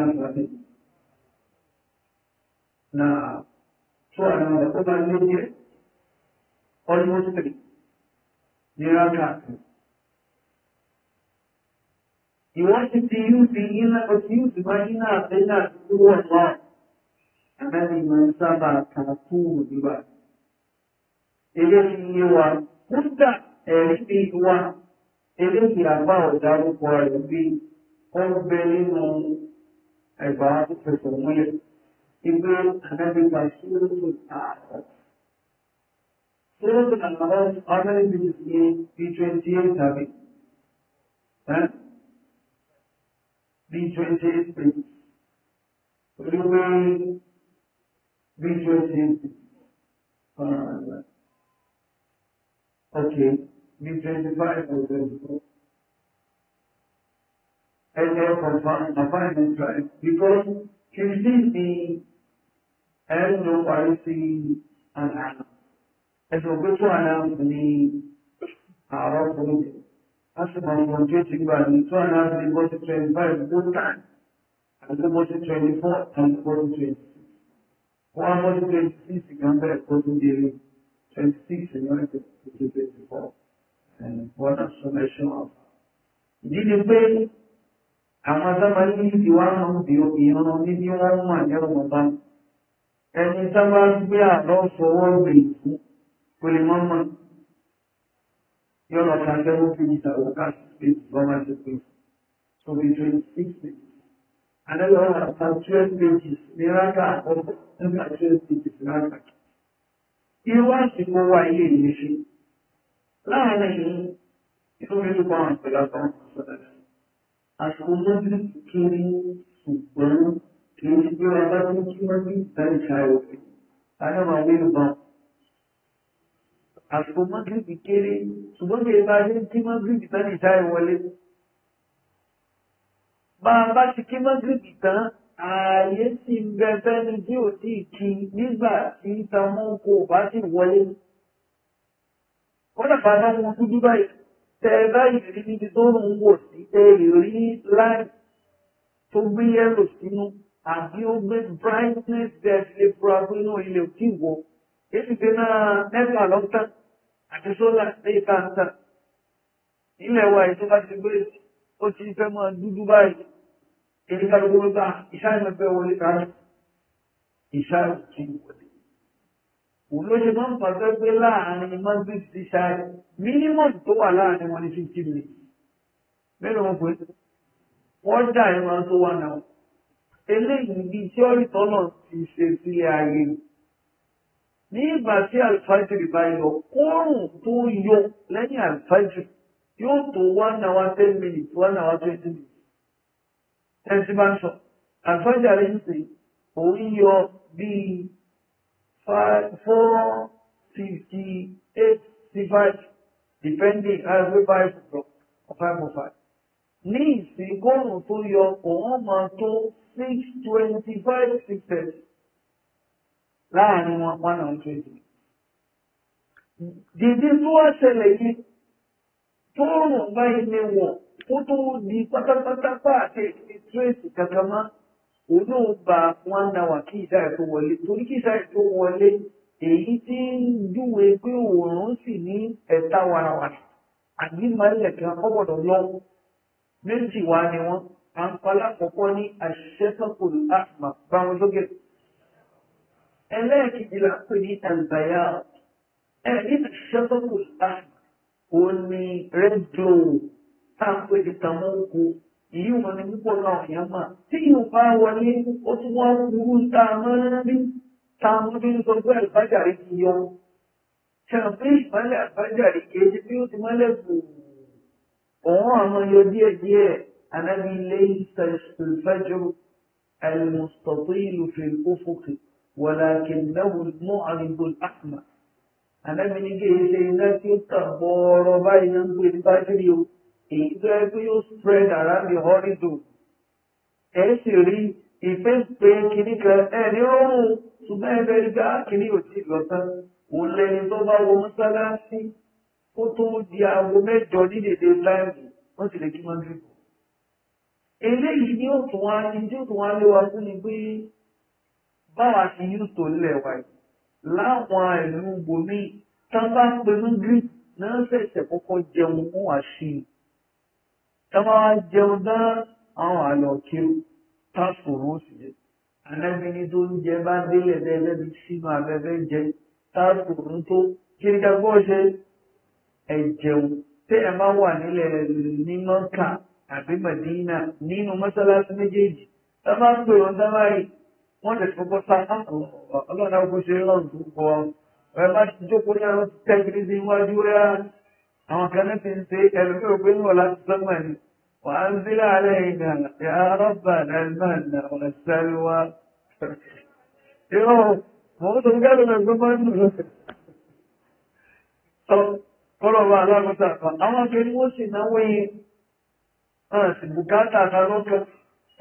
Na two and a half percent ó bá ní jẹ́ ní rákà You wanted to use the inner, but use my inner, then not do what wrong. And then he went sama kafu diba. Eléyìí wa kúndà ẹ̀rí wa eléyìí àbá ọ̀dárúkọ rẹ̀ bí ó ń bẹ nínú ẹ̀bà tó fẹsẹ̀ múlẹ̀. Ìgbé àdábìgbà sóòtù ààrẹ. Sóòtù ààrẹ ọ̀rẹ́ ibi ní bí twenty eight tàbí bí 28 page torí pé bí 28 ọ̀nà àgbà ok bí 25 or 24 ẹgbẹ́ confirm assignment right because kìrìsìn ni ẹ̀rù ló parí sí àná ẹ̀sùn pé wọ́n sì máa yọ ojú ti gbà ní two and three forty twenty five total àti forty twenty four àti forty twenty six wọ́n á forty twenty six kan bẹ́ẹ̀ twenty six ní wọ́n ti forty twenty four wọ́n á sọ mẹ́sàn án. ìdí ni pé àwọn sábà ní ìwà àwọn ìran ní bí wọ́n mọ̀ ní ọ̀nà bá ẹni sábà gbé àlọ́ fọwọ́ gbè fún pé wọ́n yóò lọ ta jẹ́ wọ́n fi ní ìta òkà sí gọ́mà tó pé so we twenty six minutes àdájọ́ ọ̀rọ̀ àta twelve pages ní rákà àkọ́kọ́ nígbà twelve pages rákà irú àsìkò wa ilé ìwé ṣe láàárín yìí inú mi ló bá wọn pẹ̀lú àwọn ọ̀sọ̀dọ̀dọ̀ àsìkò lójú kiri ṣùgbọ́n kì í ṣe bí wọn bá tún kí wọ́n bí ìtàn ìṣàrò àdáwọn àwọn ìlú bá wọn àsìkò mọ́gìrìbì kéré ṣùgbọ́n bí ẹ̀ka ṣe ń kí mọ́gìrìbì tán ní ìṣáì wọlé. bá a bá ti kí mọ́gìrìbì tán ààyè sì ń bẹ fẹ́ni tí ò tí ì kí nígbà tí tamọ́ kò bá sì wọlé. wọ́n dàgbà náà wọn dúdú báyìí tẹ báyìí rí níbi tó ń wò sí tẹ rí láì tó gbé yẹ́lò sínú àbí ó gbé brightness bẹ́ẹ̀ lè fura pé náà ilé ò tí èsì pé náà mẹ́fà lọ́tàn àti sólà lè ta ń tà ilẹ̀ wa ètò bá ti gbé ó ti fẹ́ máa dúdú báyìí èyí ká gbogbo gbà ìṣáàmì fẹ́ wọlé rárá ìṣáàmì kì í wọlé òun ló ṣe máa ń pàṣẹ pé láàrin madrid ti ṣáàyè mínímọ̀tì tó wà láàrin wọn ní fifty minutes mélòó wọn pé wọ́n dà ẹ̀rọ tó wà náà eléyìí bíi tí ọ̀rìtọ́ ti ṣe sílé ayé yìí ní ìgbà tí alfajiri bá yọ kóòrùn tó yọ lẹ́yìn alfajiri yóò tó one hour ten minutes one hour twenty minutes tẹ́sí bá ń sọ alfajiri ń sè òun yọ bíi four fifty eight sí five depending as we buy from five or five. ní ìsìn kóòrùn tó yọ òun máa tó six twenty five six thirty láàrin wọn one and twenty. Dìde tó wá ṣẹlẹ̀ yìí, fóònù báyìí ni wọ̀ kó tó di pátápátá àti ìtírèsì kankan mọ́. Òun náà ba wọn na wà kí ìsáyà tó wọlé. Torí kí ìsáyà tó wọlé, èyí tí ń júwe pé òòrùn sì ní ẹ̀ta warawara. Àbí màálẹ̀ kan kọ́bọ̀dọ̀ lọ. Méjì wá ni wọ́n. Àǹfààní àkọ́kọ́ ní àṣìṣẹ́ sọ́kòlù àmà bá wọn ẹlẹ́ẹ̀kejì la pè ní àlùbáyà ẹ níbi ṣẹ́fọ́kù láàmù òun ni rẹ́díò táàpé di tàmọ́kù yìí wọn ni púpọ̀ náà yẹn mà tí yóò bá wọlé ó tún wọ́n burú tá a máa ń rí tá a máa ń sọ pé àlùbájàre ti yọ ṣàpé ìmọ̀lẹ̀ àlùbájàre kìí ṣe bí ó ti mọ́lẹ̀ bù òun àwọn yọ díẹ̀díẹ̀ anábìlẹ̀ ìsàlùfẹ́jọ́ àlùmọ̀sọ̀tò ìlú fèrè kó fòkè walakinnahu al-mu'ridu al-a'ma ànábi ní kí èyí ṣe iná tí ó tàn bọ́ọ̀rọ̀ báyìí náà ń pè ní bájúrì o èyí tó yẹ pé yóò spread around the horizon ẹ̀ sì rí ìfẹ́ pé kìíní kan ẹ̀ ní rọrùn ṣùgbọ́n ẹgbẹ́ ìgbà ah, kìíní ò tí ì lọ́tàn kò lẹ́ni tó bá wọ mọ́sálásí ó tó di aago mẹ́jọ ní dèdè láìpẹ́ wọ́n sì lè kí wọ́n dé bọ̀. eléyìí ni ó tún wá ní tí ó tún wá lé wa fún ni pé báwa ti yú tó lẹ̀ wá yìí láwọn ìlú bomi tán bá ń pe múgírì náà ṣẹ̀ṣẹ̀ kọ́kọ́ jẹun wọ́n wá sí i tán bá jẹun náà àwọn àlọ́ kiri tá sòrò sí i anábìnrin tó ń jẹ bá délẹ̀ lẹ́lẹ́bi sínú abẹ́fẹ́ jẹ tá sòrò tó kiri kagbọ́ ṣe ẹ jẹun tẹ́ ẹ bá wà nílẹ̀ ní mọ́kà àbí mẹ̀dínà nínú mọ́sálásí méjèèjì tá bá ń yìí wọ́n lè fọwọ́ sá àrùn ọlọ́run àwọn oṣù rọrùn tó pọ̀ ẹ má ti jókòó ní àwọn tẹ́gìrì sí iwájú rẹ̀ àwọn kan ní ti ń ṣe ẹlòmí òpé níwọ̀n láti sọ́mọ̀ ni wà á ń sílẹ̀ alẹ́ ìgbà ya rọ́bà nàìjíríà wà sáré wá. ìrọ̀rùn mò ń tó gẹ́gẹ́ lọ gbé mọ́jú lọ́sẹ̀. kọ́lọ̀ wa alágbọ́ta àwọn akẹ́ni sì náwó yẹn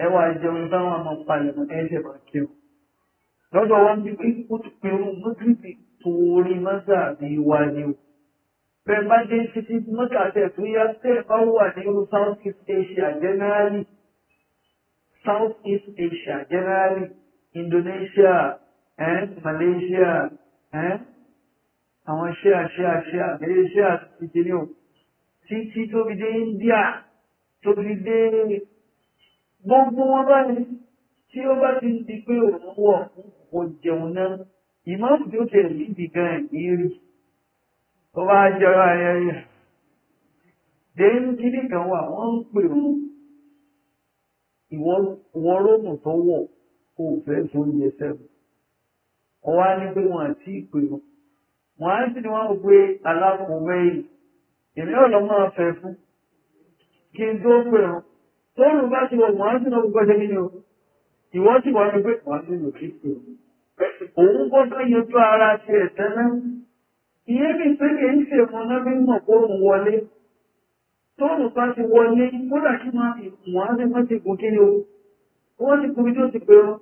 ẹwà jẹun táwọn ọmọ palẹ̀mọ̀ ẹ̀ṣẹ̀ bá kí o lọ́dọ̀ wọn bí pé ó ti pe orun mọ́tìrìtì torí mọ́tà ní wa ni o bẹ́ẹ̀ bá dé títí mọ́tà tẹ̀ tó yá tẹ̀ bá wà ní irú South East Asia generally South East Asia generally Indonesia eh, Malaysia àwọn ṣíà ṣíà ṣíà Malaysia ti ti ní o títí tó dé India tó dé gbogbo wọn bá ní tí ó bá ti di pé òun wọ̀ kò jẹun náà ìmọ̀ọ́mù tó tẹ̀ níbi gan ìrì tó bá jọra ayẹyẹ dẹ́yìn kíní kan wà wọ́n ń pè wọ́n ìwọ rómù tó wọ̀ kò fẹ́ fóúnjẹ sẹ́nu wọ́n wá ní pé wọ́n àti ìpè wọn wọ́n á sì ní wọ́n gbé alákòwé yìí èmi ò lọ máa fẹ́ fún kí n tó pè wọn. Tọ́rùn bá ti wọ̀ wọ́n sínú ọgbọ́n jẹ́ nínú ìwọ́n sì wọ́n ẹgbẹ́ wọ́n nínú kìí Òun gbọ́dọ̀ yọjú ara ti ẹ̀tẹ́ náà. Ìyẹ́ bí pé kì í ṣe mọ́ náà bí mọ̀ kó òun wọlé. Tọ́rùn bá ti wọlé, kódà kí máa fi wọ́n á lẹ́gbẹ́ ti gùn kí ni o. Wọ́n ti gùn bí tó ti pé wọn.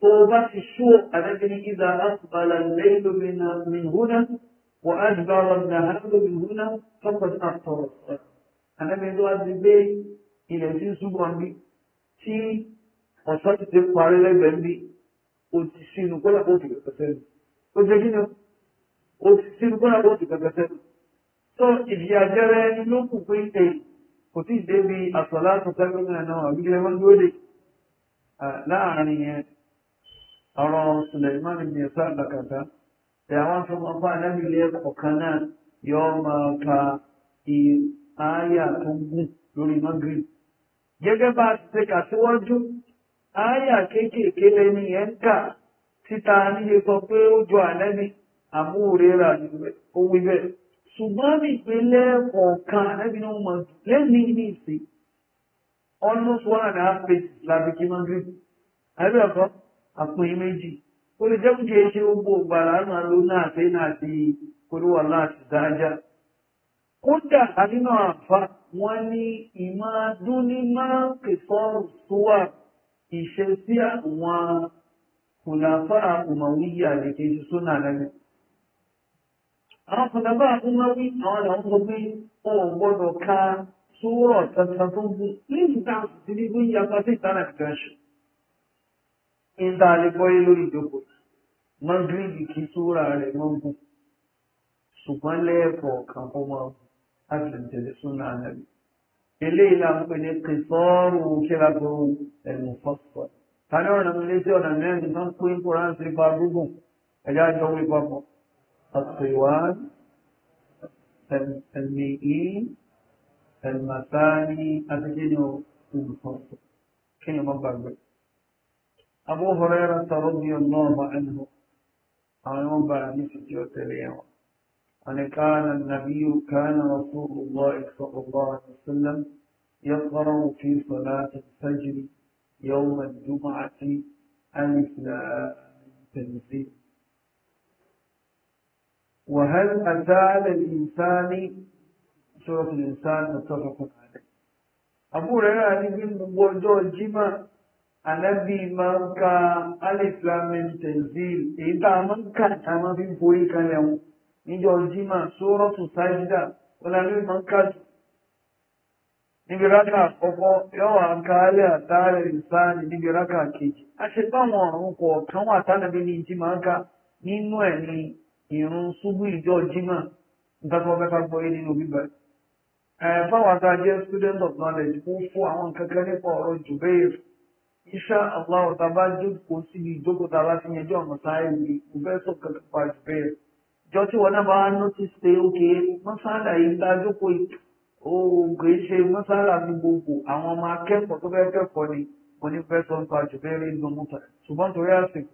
Tó o bá ti ṣú àdájẹ́ni ìdá àtùbálà lẹ́yìn lómi náà wọ́n á ilẹ̀ tí ń súnmọ́ ń bí tí ọ̀sán ti ti parí lẹ́gbẹ̀ẹ́ ń bí o ti sínú kọ́lá kó ti pẹ̀pẹ̀ sẹ́nu o ti kí ni o ti sínú kọ́lá kó ti pẹ̀pẹ̀ sẹ́nu tó ìdíyà jẹ́rẹ́ ló kù pé ẹ̀ kò tí ì débi àsọ̀lá tuntun gómìnà náà àbí ilẹ̀ wọn dúró dé láàárín yẹn ọ̀rọ̀ Suleiman ní ẹ̀sán àgbàkàtà ẹ̀ àwọn afọmọ bá alábìlẹ̀ ọ̀kan náà yọ máa ka ààyà tó lórí Maghrib gẹ́gẹ́ bá ti ṣe kà síwájú ááyà kéékèèké lẹ́ni yẹn ń kà títa níye sọ pé ó jọ àlẹ́ ni àmúre rà òwe bẹ́ẹ̀ ṣùgbọ́n ní ìpínlẹ̀ kọ̀ọ̀kan ẹbí ni wọ́n mọ̀ lẹ́ni ní ìsìn almost one and a half page làbìkí máa ń rí àbí ọ̀kan àpò méjì ó lè jẹ́ kúkẹ́ ṣe gbogbo gbàrà àmà lónà àtẹ́nà àti kòlúwà láti dájá kódà nínú àfa wọn ní ìmọ̀ dúnímọ̀ kẹfọ́ sùwà ìṣe sí àwọn kùnàfà ọmọwíyà àlejò sọ́nà lẹ́nu. àwọn kùnàfà ọmọwí àwọn làwọn sọ pé wọn ò gbọdọ̀ ka sóòrọ̀ tuntun tó ń bú lẹ́yìn tá a sì ní gbé yàtọ̀ ìtànà kìkan ṣe. ìta lè bọ́yé lórí ìjókòó mọ́ndúrìgì kí sóòrà rẹ̀ mọ́ bù ṣùgbọ́n lẹ́ẹ̀kọ̀ọ̀kan ó máa bù láti lè tẹ̀lé súnà ànábì eléyìí là ń pè ní kìsọ́ọ̀rù kílágbó ẹ̀mù fọ́sọ̀ tani ọ̀nà mi létí ọ̀nà mẹ́rin tó ń pín kóra ń sípa gúgùn ẹ̀yà àjọ wí papọ̀ àtìwán ẹ̀mí yìí ẹ̀màtáni àtìkéyìn olùfọ́sọ̀ kí ni wọ́n gbàgbé Abu Hurairah tọrọ bí ọ̀nà ọ̀bà أن كان النبي كان رسول الله صلى الله عليه وسلم يقرأ في صلاة الفجر يوم الجمعة ألف لا تنزيل وهل أتى على الإنسان سورة الإنسان متفق عليه أبو رأى نبي بوجو الجمع Ànábì máa ń ka alif lam تنزيل إذا من كان a máa ń níjọ́ jimá sórọ́tù sájídà ọ̀làní máa ń kájú níbi rákà àkọ́kọ́ yọ̀wọ̀ àkàálẹ̀ àtàrẹ̀ ìsáàní níbi rákà kejì àṣepáwọn ọ̀run kọ̀ọ̀kan wà tánàbí ní jimá ká nínú ẹ̀ ní ìrun ṣubú ìjọ jimá ìtàkùnfẹ́fà gbọ́ yé nínú bíbá fáwọn àtàjẹ́ student of knowledge kó fún àwọn kankan nípa ọ̀rọ̀ jùbẹ́ẹ̀rù iṣẹ́ àwọn ọ̀tá bá jókòó síbi ìjókòó tá a bá ti yẹjọ́ ọ̀nà sáyẹ̀ ní ìgbésọ̀ kankan pa jùbẹ́ẹ̀rù jọ tí wọn náà bá notice pé oge mọ́sálà yìí tá a jókòó yìí oge ṣe mọ́sálà ní gbogbo àwọn ọmọ akẹ́kọ̀ọ́ tó fẹ́ kẹ́kọ̀ọ́ ni mo ní fẹ́ sọ nípa jùbẹ́rẹ́ ìlú mọ́tà ṣùgbọ́n torí àsìkò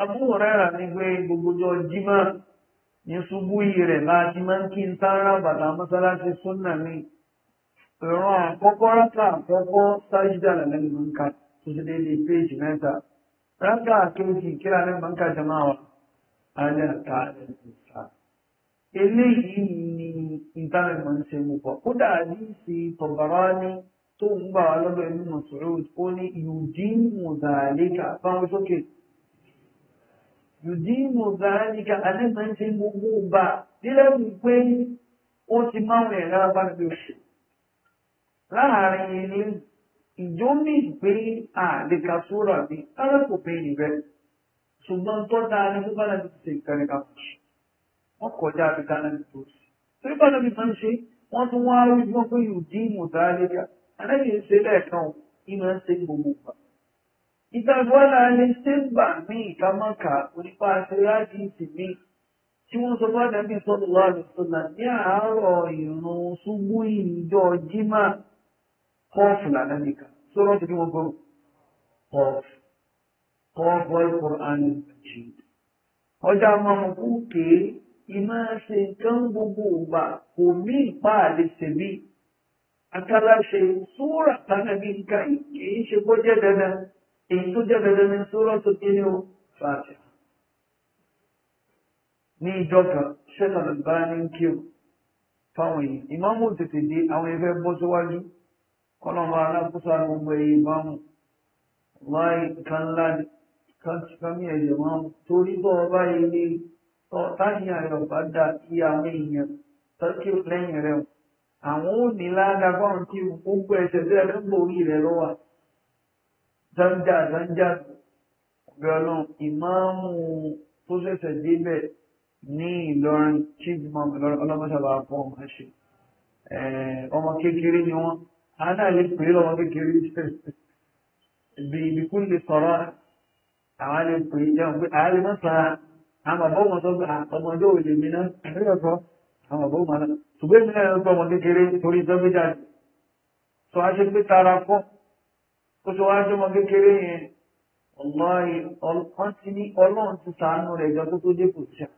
àbúrò rẹ̀ ní pé gbogbo jọ jímọ̀ ní ṣubú yìí rẹ̀ láti máa ń kí n sára bàtà mọ́sálásí súnà mi ìran àkọ́kọ́ rákà àkọ́kọ́ sájídà lẹ́nu mọ́ńkà tó ṣe déédéé péjì mẹ́ta rákà kejì kíra lẹ́nu mọ́ńkà jẹ́ máa wà aláàtàlẹ̀ ìsà. Eléyìí ni ìbáraẹ̀mọ̀ ń ṣe wùpọ̀. Ó dàbí sí Tọ̀bàrání tó ń gbà wá lọ́dọ̀ ẹni Mọ̀sùrùd, ó ní Yùdímù Zàlíkà báwọn sókè. Yùdímù Zàlíkà alẹ́mọ̀ ń ṣe gbogbo gbà nílẹ́kùn pé ó ti máa ń rẹ̀ lára bá oṣù. Láàárín ilé, ìjọ́ mi pé àlè kàṣúrà mi, kára kò pé ìrẹ́ ṣùgbọ́n tó dáa ní bíbá náà ti ṣe ìkẹrin ká fún wọn kọjá àbíká náà tó sí torí bá lóbi máa ń ṣe wọ́n tún wá rí bí wọ́n pé yóò dín ìmọ̀tà lẹ́yà anáyè ń ṣe lẹ́ẹ̀kan o ìmọ̀ ń ṣe gbogbo gbà ìtàgbọ́ náà lè ṣe ń gbà mí ìkámọ́ka onípa àṣeyájú ìsì mi tí wọ́n sọ bá dàbí sọ́dọ̀ wà lọ́sọ̀nà ní àárọ̀ ìrùn ṣubú ìjọ jimá kọ́ọ̀fù lànà nìkan sọ́rọ́ ti bí wọ́n gbọ́rọ̀ kọ́ọ̀fù kọ́ọ̀bọ̀ ìkùránì ọjà mọ̀mọ́kú kéé ìmọ̀ ṣe nǹkan gbogbo ìgbà kò ní ìpá àlè tèmi àtàlàṣe súrà tánàbí nǹkan kìí ṣe bó jẹ́ dandan èyí tó jẹ́ dandan ní súrà tó kí ni ó fàájì. ní ìjọ kan ṣẹlẹ̀ àlùbá ní kí o fáwọn èyí ìmáàmù tètè dé àwọn ẹgbẹ́ bọ́ síwájú kọ́nà ọmọ alákòóso àwọn ọmọ ẹ̀yìn ìmáàmù láì kan láti kámi ẹ̀yọ̀ wọn torí bọ́ ọba ilé táyà ẹ̀rọ bá dá sí àwọn èèyàn tọ́kí lẹ́yìn rẹ̀ àwọn ò ní láàdá fáwọn tí gbogbo ẹ̀sẹ̀ tó ẹ̀rọ ń borí rẹ̀ ló wà zanja zanja ọ̀bẹ ọlọ́run ìmáàmù tó ṣẹ̀ṣẹ̀ débẹ̀ ní Ìlọrin chief imam Ìlọrin ọlọ́mọṣàbà fún ọmọ ṣe ọmọ kékeré ni wọn àádá lè pè é lọ́mọ kékeré bí ibìkún lè sọ̀rọ̀ àwọn alẹ́ pè é jẹun pé ààrẹ mọ́ sara àwọn bàbá wọn sọ pé ọmọdé ò lè mi náà àríyọ sọ àwọn bàbá wọn náà ṣùgbọ́n èmi náà lọ́pọ̀ ọmọ kékeré torí ìjọba sọ wá ṣe pé tara kọ́ ó ṣe wá ṣe ọmọ kékeré yẹn ọlọ́run ti ní ọlọ́run ti sàánú rẹ̀ jọ tó tó dé kò sí à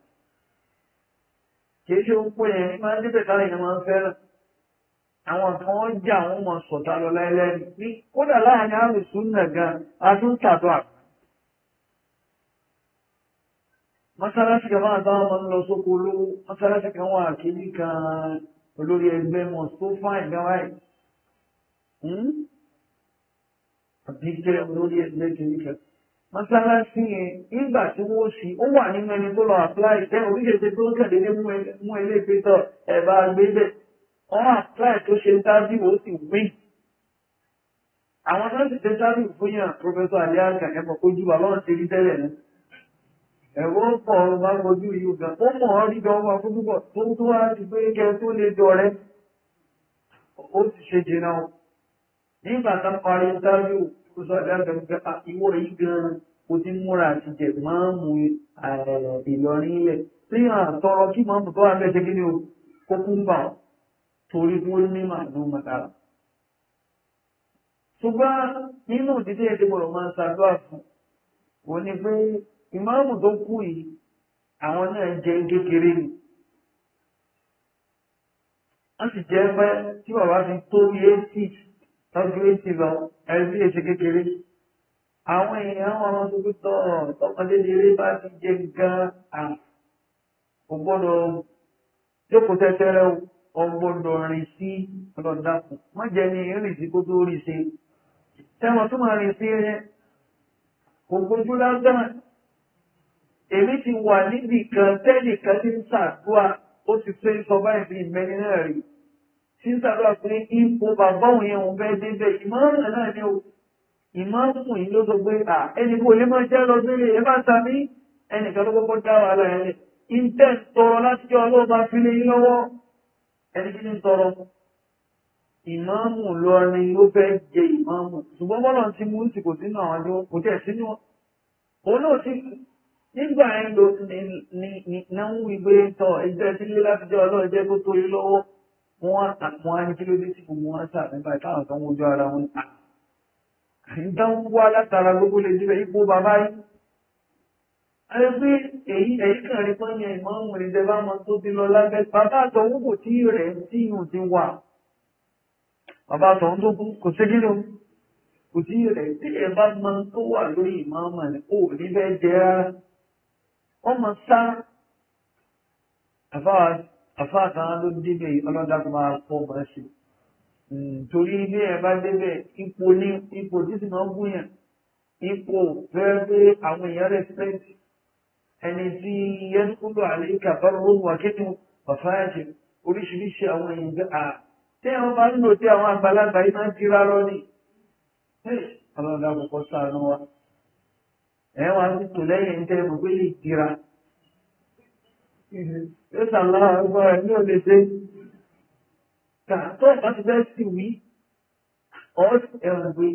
kìí ṣe ń pè é máa ń débẹ̀ táwọn máa ń fẹ́ràn àwọn kan wọ́n jà wọ́n mọ̀ sọ̀tà lọ láéláé ní kódà láàrin àrùn sùn nàgà a tún mọ́sálásí kan máa táwọn máa ń lọ sóko olówó mọ́sálásí kan wà kíní kan olórí ẹgbẹ́ wọn tó fáìn gan wáyé hmm? àbí jẹ́ olórí ẹgbẹ́ kíní kan mọ́sálásí yẹn nígbà tí wọ́n sì ó wà nínú ẹni tó lọ àpláì tẹ́ oríṣiríṣi tó ń tẹ̀lé ní mú ẹlẹ́gbẹ́ tọ̀ ẹ̀ bá gbé bẹ́ẹ̀ ọ̀rọ̀ àpláì tó ṣe ń dájú ó sì wí àwọn tó ń ti tẹ́ sábì fún yàn pọfẹsọ àlẹ́ àkàkẹ́ mọ̀ kó jù wà lọ́wọ́ ti rí tẹ́lẹ̀ náà ẹ̀wọ́ ń pọ̀ wá wojú yìí gan ó mọ̀ ọ́ rí gan wá fún púpọ̀ tó tó wá ti pé kẹ tó lè jọ rẹ ó ti ṣe jìnnà o nígbà tá a parí sáyò tó sọ dáadáa ah, gbà ìwọ yìí gan o ti múra àti jẹ máàmù eh, Ìlọrin ilẹ̀ tí à ń tọrọ kí máàmù tó wà ń bẹ̀ ṣe kí ni o kó kún bà ó torí tó ní màdùn màdàrà ṣùgbọ́n nínú ìdílé ẹ̀dẹ́gbọ̀rọ̀ máa ń ṣàdúrà fún òní pé ìmáàmù tó kú yìí àwọn náà jẹ́ kékeré ni wọ́n sì jẹ́ pẹ́ tí bàbá fi tó bí eighty tọ́jú eighty lọ ẹbí èsì kékeré àwọn èèyàn wọn lọ sí pípọ̀ tọmọdéléèrè bá ti jẹ gan an ò gbọ́dọ̀ jókòó tẹ́tẹ́rẹ́ ò gbọ́dọ̀ rìn sí ọlọ́dàkùn wọ́n jẹ́ ní rìn sí kó tó rí ṣe tẹ́wọ̀n tó máa rìn sí yẹn kò gbójú lágbára èmi ti wà níbì kan tẹ́nìkan ní ń ṣàdúrà ó ti pé sọ báyìí bíi mẹ́rin náà rí tí ń ṣàdúrà pé ipò bàbá òun yẹn òun bẹ́ẹ̀ débẹ̀ ìmọ̀ràn náà ni o ìmọ̀ràn yìí ló sọ pé à ẹni kò lè máa jẹ́ lọ sílé ẹ bá ta mí ẹnìkan ló kọ́kọ́ dá wàhálà yẹn lẹ̀ ìtẹ́ ń tọrọ láti jọ ọlọ́run bá fi lé yín lọ́wọ́ ẹni kí ni ń tọrọ ìmáàmù lọrin ló fẹ́ jẹ ìmáàmù ṣùgbọ́n bọ́lá ti mú ìsìnkò sínú àwọn ẹjọ́ kò tẹ̀ sínú òun náà ti nígbà yẹn ló ní náà ń wí pé tán ẹgbẹ́ sílé látijọ́ ọlọ́run jẹ́ kó torí lọ́wọ́ wọn àtàkùn á ní kí ló dé tí gbogbo wọn sà nípa ìtàwọn tó ń wojú ara wọn ta. àyíká ń wá látara gbogbo lè jíbẹ̀ ipò bàbá yìí. a lè pé èyí ẹ̀yí kan rí pọ́n yẹn ìmọ̀ òun ìdẹ bá mọ tó ti lọ lábẹ́ bàbá àtọ̀hún kò tí rẹ̀ tí ìhùn ti wà. bàbá àtọ̀hún tó kú kò sí kí ló kò tí rẹ̀ tí ẹ bá mọ tó wà lórí ìmọ̀ ọmọ rẹ̀ kò ní fẹ́ jẹ́ rárá ọmọ sá àfáà kan ló débẹ̀ ọlọ́dà tó máa fọ́ ọmọ ṣe hmm, torí ilé ẹ̀ bá débẹ̀ ipò ní ipò tí sì máa ń gúnyàn ipò fẹ́ẹ́ pé àwọn èèyàn rẹ̀ pẹ́ẹ́tì ẹni tí yẹn kúndùn àlẹ́ ìkàfẹ́ ròhùn akẹ́kọ̀ọ́ bàfá ẹ̀jẹ̀ oríṣiríṣi àwọn èèyàn gbé à tí àwọn máa ń lò tí àwọn àgbàlagbà yìí máa ń tira lọ ní ọlọ́dà kọ̀ọ̀kan sáà náà wá ẹ̀ wá sí tò lẹ́yìn tẹ́ mo pé lè tira yóò sàlọ́ ọgbọ́n rẹ̀ ní òde ṣe kàtọ́ ìbá ti fẹ́ sì wí ọ́ ẹ̀rùn pé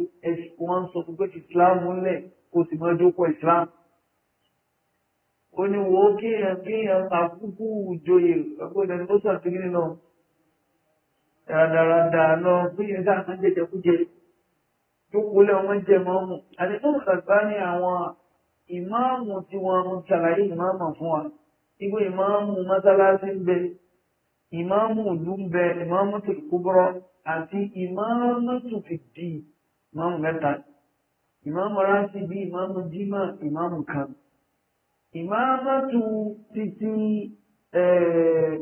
wọ́n sọ fún pé islam lẹ̀ kó sì mọ́ ẹjọ́ pọ̀ islam ó ní wo kéèyàn kéèyàn àkúkú ìjòyè ọgbọ́dọ̀ ni ó sàn sí nínú rádaràdà lọ kéèyàn sáà máa ń jẹjẹ kújẹ tó kúlẹ̀ ọmọ jẹ mọ́ mù àti fún ìgbàgbá ni. àwọn ìmáàmù tí wọ́n mú ṣàlàyé ìmáàmù fún wa igbó ìmáàmù mọ́sálásí ń bẹ ìmáàmù ìlú ń bẹ ìmáàmù tó kúbọ́rọ́ àti ìmáàmù tó fi di ìmáàmù mẹ́ta ìmáàmù rántí bí ìmáàmù jimá ìmáàmù kan ìmáàmù tó títí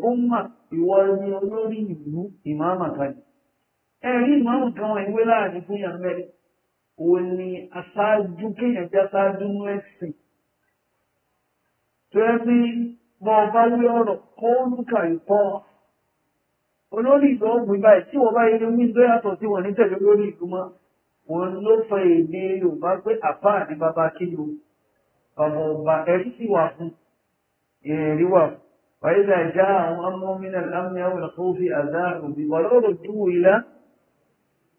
ọmọ ìwọ ni olórí ìlú ìmáàmù kan ẹ̀rí ìmáàmù kan ìwé láàrin fún yàn mẹ́rin òun ni aṣáájú kéèyàn jẹ́ aṣáájú ní ẹ̀sìn tó yẹ pé bọ́ ọba wí ọ̀rọ̀ kọ́ lùkà ìkọ́ olórí ìlú ọ̀gbìn báyìí tí wọ́n bá yẹ ní ìlú yàtọ̀ tí wọ́n ní tẹ̀lé lórí ìlú mọ́ wọn ló fọ èdè Yorùbá pé àbá ní bàbá kílò bàbá ọba ẹ̀rí sì wà fún ìrẹ̀rí wà fún wàyí ìjà àwọn ọmọ mi náà lámúyàwó lọ́kọ́ fi àdá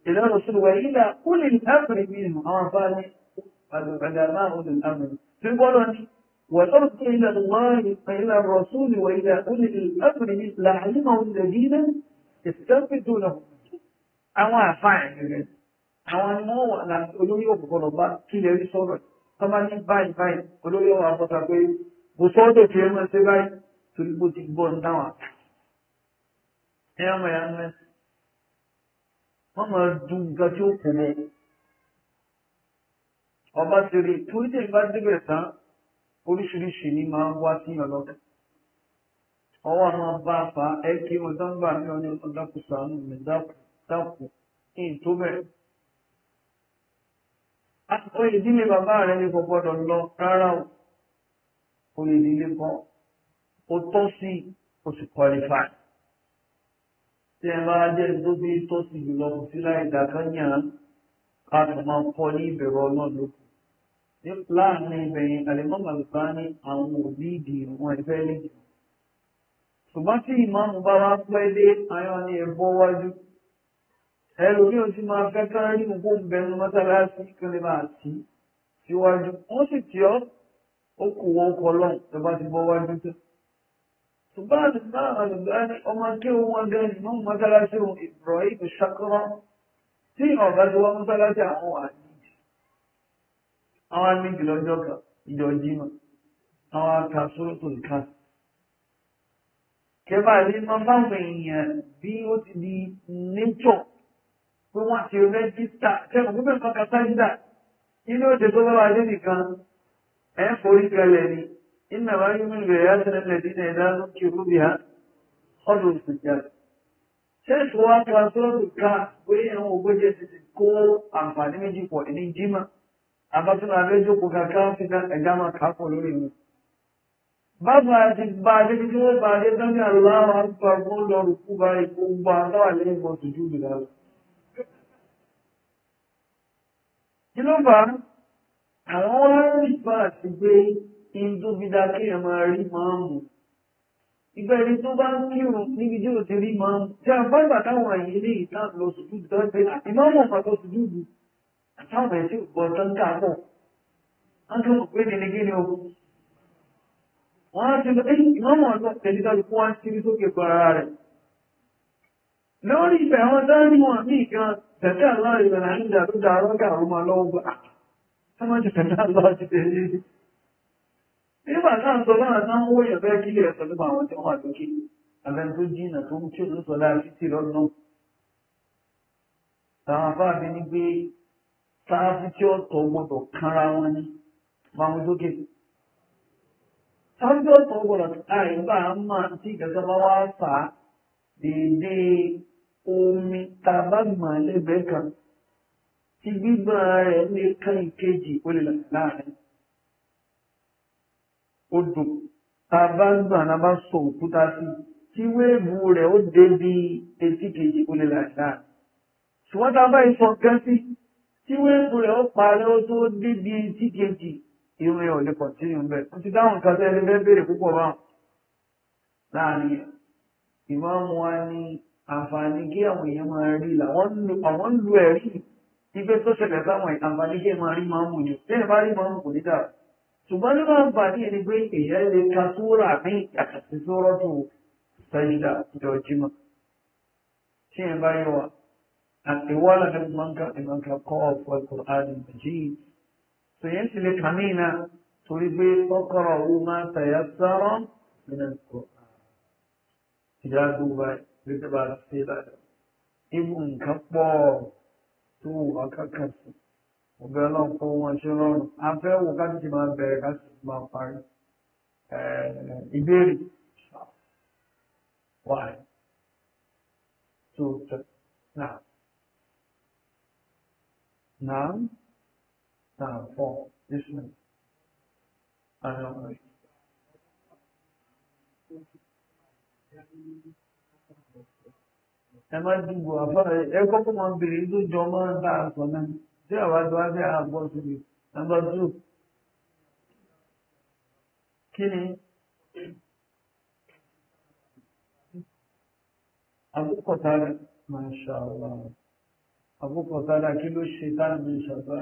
إلى رسول وإلى كل الأمر منهم عرفان العلماء أولي الأمر في القرآن وترك إلى الله فإلى الرسول وإلى أولي الأمر لعلمه الذين يستنبطونه àwọn àfáàyàn rẹ̀ àwọn ni wọ́n wà láti olórí òkùnkùn bá kí lè rí sọ̀rọ̀ tó máa ní báyìí báyìí olórí ọ̀hún àbọ̀tà pé bó sọ́dọ̀ tí ẹ máa ṣe báyìí torí bó ti gbọ́ ń dáwọn. ẹ ọmọ ìyá mẹ́sì wọ́n máa dùn nǹkan tí ó kò mọ́ ọba ti rí torí tẹ̀ bá débẹ̀ tán oríṣiríṣi ni máa ń wá sí ọlọ́kàn ọwọ́ máa bá a fa ẹ kí wọn tán gbà ní ọdún ọdún sàánù mi dákù ní tó bẹ̀rẹ̀. àtúntò ìdílé bàbá rẹ ní kò gbọdọ̀ lọ rárá o kò lè kan ó tọ́ sí oṣù kọlifáì tí ẹ bá jẹ́ gbogbo tó ti jùlọ kù sí láì dàkányà ká tó máa kọ́ ní ìbẹ̀rù ọlọ́run lókù. láàrin ìbẹ̀yìn àlẹ́mọ́mà lùkà ní àwọn òbí ìdì wọn ẹ̀fẹ́ lè ṣùgbọ́n tí ìmáàmù bá wá pẹ́ dé ayọ́ ni ẹ̀bọ́ wájú. ẹlòmí ò sì máa fẹ́ ká rí òkú ìbẹ̀rù mọ́sálásí kí lè máa tì í síwájú. wọ́n sì tì ọ́ ó kù wọn kọ́ lọ́n ṣùgbọ́n náà alùgbàní ọmọ kí wọ́n gan ní mọ́ mọ́sálásí ohun Ibrahim ṣakọ́rọ́ tí ọ̀gá tí wọ́n mọ́sálásí àwọn àníjì àwọn àníjì lọ́jọ́ kan ìjọ jímọ̀ àwọn akásúrò tó ká kẹfà ní mọ́ báwọn èèyàn bí ó ti di nẹ́tọ̀ pé wọ́n ti rẹ́jísítà kẹfà pípẹ́ kan kàtàjídà ilé òde tó lọ́wọ́ adé nìkan ẹ̀ forí kẹlẹ̀ ni إنما يؤمن بآياتنا الذين إذا ذكروا بها خروا السجاد ṣẹ́ẹ̀tì wa ka sọ́ọ̀tù ká pé àwọn ògbójẹ́ ti ti kó àǹfààní méjì pọ̀ ní jímà àbátúnà abẹ́jọ́kù kàkà áfíríkà ẹ̀gá máa kà á pọ̀ lórí mi. bàbá àti bá adé tí wọ́n bá adé dání aláwọ̀ àgbà fún lọ́rùn kú bá ikú gbà náà lẹ́yìn mọ́ tòjú ìlà lọ. kí ló fà àwọn ọlọ́run ìgbà àti gbé ń dúbídá kéèyàn máa rí máàmù ìgbà ẹni tó bá ń kírun níbi ti rí máàmù tí a bá ìgbà táwọn àyè lè ìta pe ah, ìmáàmù ọ̀pá tó sùdúdù àtàwọn ẹ̀sìn gbọ́ tó ń kà pọ̀ wọ́n tó mọ̀ pé nìyẹn kíni o wọ́n á ti lọ ẹ́ ìmáàmù ọ̀pá tẹ̀lé kálukú wá sí sókè gbọ́ra nígbà náà sọ lọ́nà tán ń wòyàn fẹ́ kí ilé ẹ̀sọ́ nípa àwọn tí wọ́n wà lókè àbẹ́ni tó jìnnà tó ń tí òun sọ lára títì lọ́nà táwọn afáàbí ní pé sáájú tí ó tọ́ gbọ́dọ̀ kánra wọn ní máa lókè sáájú tí ó tọ́ gbọ́dọ̀ àìgbà máa tí ìgbésẹ̀ bá wá fà á déédéé omi tàbágbà lẹ́gbẹ̀ẹ́ kan tí gbígbà rẹ̀ lè kán ìkejì ó lè láàrin odò tá a bá ń gbà náà bá sọ òkúta sí tí wéèbù rẹ̀ ó dé bí etí kejì ó lè làṣà ṣùgbọ́n tá a bá sọ gán sí tí wéèbù rẹ̀ ó parẹ́ ó tó dé bí etí kejì irun yẹn ò lè kọ̀tínú bẹ́ẹ̀ ó ti dáhùn nǹkan tẹ́ ẹni fẹ́ béèrè púpọ̀ báwọn láàrin ìmáàmù wa ní àǹfààní kí àwọn èèyàn máa rí làwọn ń lu ẹ̀rí ìgbé sáwọn àǹfààní kí èèyàn máa rí máàmù ni bẹ́ẹ̀ bá rí máàmù kò ní dáa سبحانه بعد يعني بيت يعني كسورة عميق أخذ سورة سجدة جوجمة شيء بايوا أتولى من منك من كقاف والقرآن المجيد سينسي لكمينة تريبي تقرأ ما تيسر من القرآن إذا دوبا بدبا السيدة إمون كفار تو أكاكسر ọ̀bẹ̀ náà kó wọn ṣe rọrùn a fẹ́ wò ká títí máa bẹ̀rẹ̀ ká sì máa parí ìbéèrè wà tó tẹ̀ náà náà náà fọ́ ìsìn àwọn ọmọ ẹ má dìbò àfáà ẹ kọ́kọ́ máa bèrè tó máa ń dá àṣọ náà tí àwọn àgbà bẹ́ àgbọ̀ síbi nàmbà tù kí ni àbúkọ̀tà rẹ̀ màṣàlá àbúkọ̀tà rẹ̀ kí ló ṣe táàmì ìṣàbá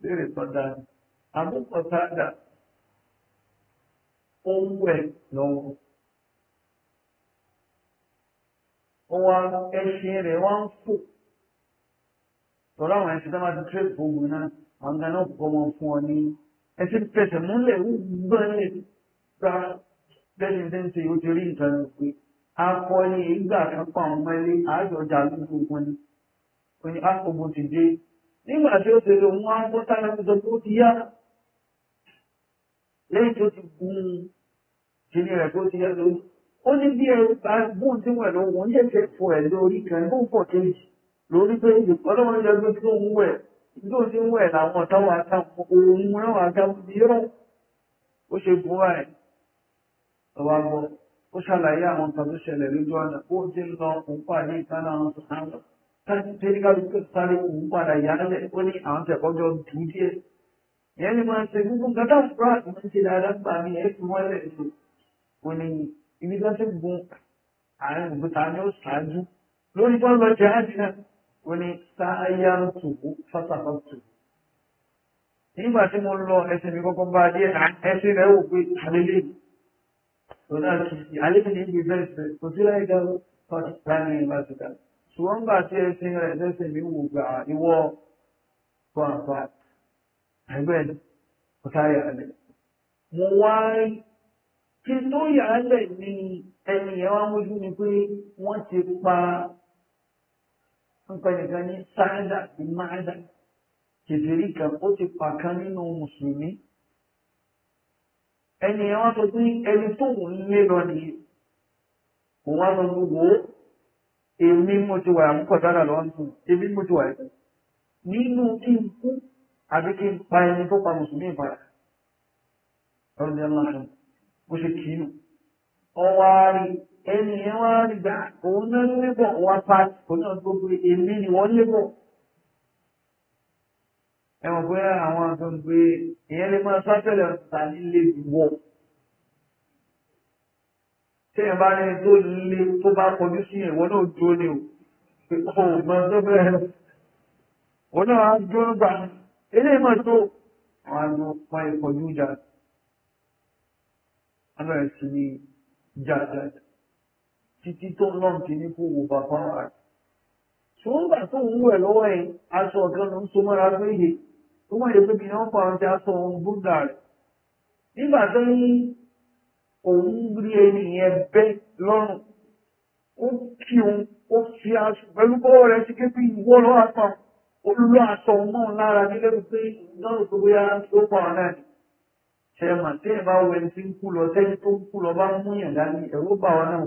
léèrè tọ́da àbúkọ̀tà rẹ̀ ó ń wẹ̀ lọ́wọ́. Wọ́n ẹṣin rẹ̀ wọ́n ń fò tọ́lá àwọn ẹni tó máa ti tẹ́ ògùn náà àwọn gan náà kọ́ wọn fún ọ ní ẹsẹ̀ fẹsẹ̀ múlẹ̀ gbọ́n lè gba bẹ́ẹ̀ ni ṣe ó ti rí nǹkan pé akọni ìgbà kan pa àwọn ọmọ ilé àádọ́jà lóko wọn ni ó ní akọ̀gbọ̀n ah, ti dé nígbà tí ó ti lè mú àwọn táyà tó tó ti yá lẹ́yìn tó ti gun kìnìún rẹ̀ tó ti yá lórí ó ní bí ẹ bá gbóhùn tí wọ́n lọ wọ́n ń jẹ́ lórí pé ọlọ́run yẹ gbé tó ń wẹ̀ tó ń wẹ̀ làwọn ọ̀tá wa ta òun náà wà já mìíràn ó ṣe gun ẹ̀ ọwọ́ agbọ́ ó ṣàlàyé àwọn nǹkan tó ṣẹlẹ̀ lójú ọ̀nà ó ti ń lọ òun pàdé ìtànà àwọn sọ̀rọ̀ tẹ́lifíkàlù tó sáré òun padà yá ó ní àwọn tẹ̀kọ́jọ́ dùn díẹ̀ ìyẹn ni máa ṣe gbogbo nǹkan tá fúra àti máa ń ṣe dáadáa gbà mí ẹ̀ fi wọ́n lẹ̀ ó ní ibi tó ṣe gun àárín òkúta ni ó ṣáájú lórí tó ń lọ jẹ́ àjẹ́ náà wọ́n ní sáyà ń tùkú fásafá tùkú. nígbà tí mo lọ ẹsẹ̀ mi kọ́kọ́ bá díẹ̀ ẹsẹ̀ rẹ̀ wò pé àlélẹ́ mi lọ́nà kìí àlélẹ́ mi níbi bẹ́ẹ̀ sẹ́ kò sí láì dá fọ́ọ̀tì láàrin ìgbà tó dá. ṣùgbọ́n nígbà tí ẹsẹ̀ rẹ̀ ẹsẹ̀ mi wò gbà ìwọ fún àfa ẹgbẹ́ ọ̀táyà rẹ̀. mo wá kí n tó yà á ní ẹnìyẹn wá mójú ni pé wọ́n ti pa ń pẹ́ nìkan ní sáádà ìmáàdà kèfèrí kan ó ti pàkan nínú mùsùlùmí ẹni ẹ wá sọ pé ẹni tó ń lé lọ nìyí òun á sọ gbogbo èmi mo ti wà àmúkọ̀ dára lọ́wọ́ nù èmi mo ti wà ẹ̀kọ́ nínú kí n kú àbí kí n pa ẹni tó pa mùsùlùmí ìpadà ọ̀rọ̀ ni ọlọ́run mo ṣe kì í nù ọwọ́ á rí i ẹni yẹn wá rí gbà òun náà níbọ̀ wá pa òun náà gbogbo èmi ni wọ́n níbọ̀. ẹ mọ̀ pé àwọn àtọ̀ ń pé ìyẹn lè máa sátẹ̀lẹ̀ ọ̀tà nílé wọ̀. tí ẹ bá rẹni tó lé tó bá kọjú sí ìwọ náà dúró ni o kò mọ tó bẹ̀rẹ̀ lọ. òun náà á dúró gbà eléyìí mọ̀ tó àwọn àgbọn pa ìkọjú jà. Ọlọ́run sì ni jáde títí tó lọ́n ti ní kó wo bàbá rẹ̀. ṣùgbọ́n tó ń wẹ̀ lọ́wọ́ ẹ̀ aṣọ ọ̀gán ló ń so mọ́ra péye tó wọ́n yẹ pé kí wọ́n fa ọjà aṣọ ohun búdà rẹ̀. nígbà tó ń òun rí ẹni yẹn bẹ́ lọ́rùn ó kí òun ó fi aṣọ pẹ̀lú bọ́wọ́ rẹ̀ sí kékeré ìwọ́ lọ́wọ́ àpá olùlọ aṣọ mọ́ lára nílẹ̀ pé náà tó bóyá ló pa ọ̀nà ni ṣe mà tí ẹ̀ bá wẹ̀ tí ń kú lọ sẹ́yìn tó ń kú lọ bá mú yàn dání ẹ̀rọ bá wa náà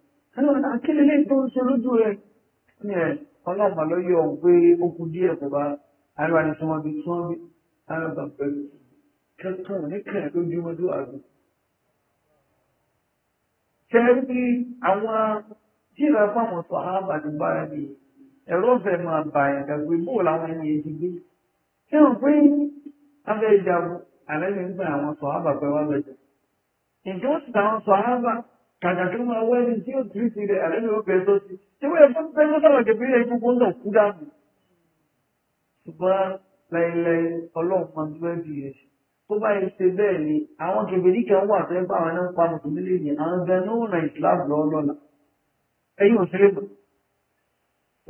akílẹ̀ lè tó ń ṣe lójú rẹ̀ ní ẹ̀ ọlọ́mọ ló yọ òun pé ó kú díẹ̀ kó bá ara ni tí wọ́n bí tí wọ́n bí ara bá pẹ̀lú kẹ́kọ̀ọ́ ní kẹ́ẹ̀ lójúmọ́jú àgbẹ̀. ṣẹ́rí bí àwọn jíra fáwọn sọ ààbà ti bára ní ẹ̀rọ ọ̀fẹ́ máa bà ẹ̀ dàgbé bó làwọn ẹni yẹn ti gbé. ṣé wọn pé abẹ́ ìjàgbọ́ àlẹ́ mi gbà àwọn sọ ààbà pẹ̀lú àbẹ̀jẹ̀. ìjọ́sìn àwọn sọ ààbà kàkà kí wọ́n wá ẹni tí ó tìrì sí rẹ̀ àlẹ́ yóò bẹ̀rẹ̀ tó sí tí wọ́n yẹ fún bẹ́ẹ̀ sọ́sọ́ kẹfì rẹ̀ gbogbo ń dàn kú dànù. ṣùgbọ́n láìláì ọlọ́run máa ń gbẹ́ bí rẹ̀ tó bá yẹ ṣe bẹ́ẹ̀ ni àwọn kẹfìrí kan wà tó ń bá àwọn náà pa mùsùlùmí lè yìn àwọn gan ní òun ìsìláàmù lọ́wọ́ lọ́la ẹ̀yìn òṣèré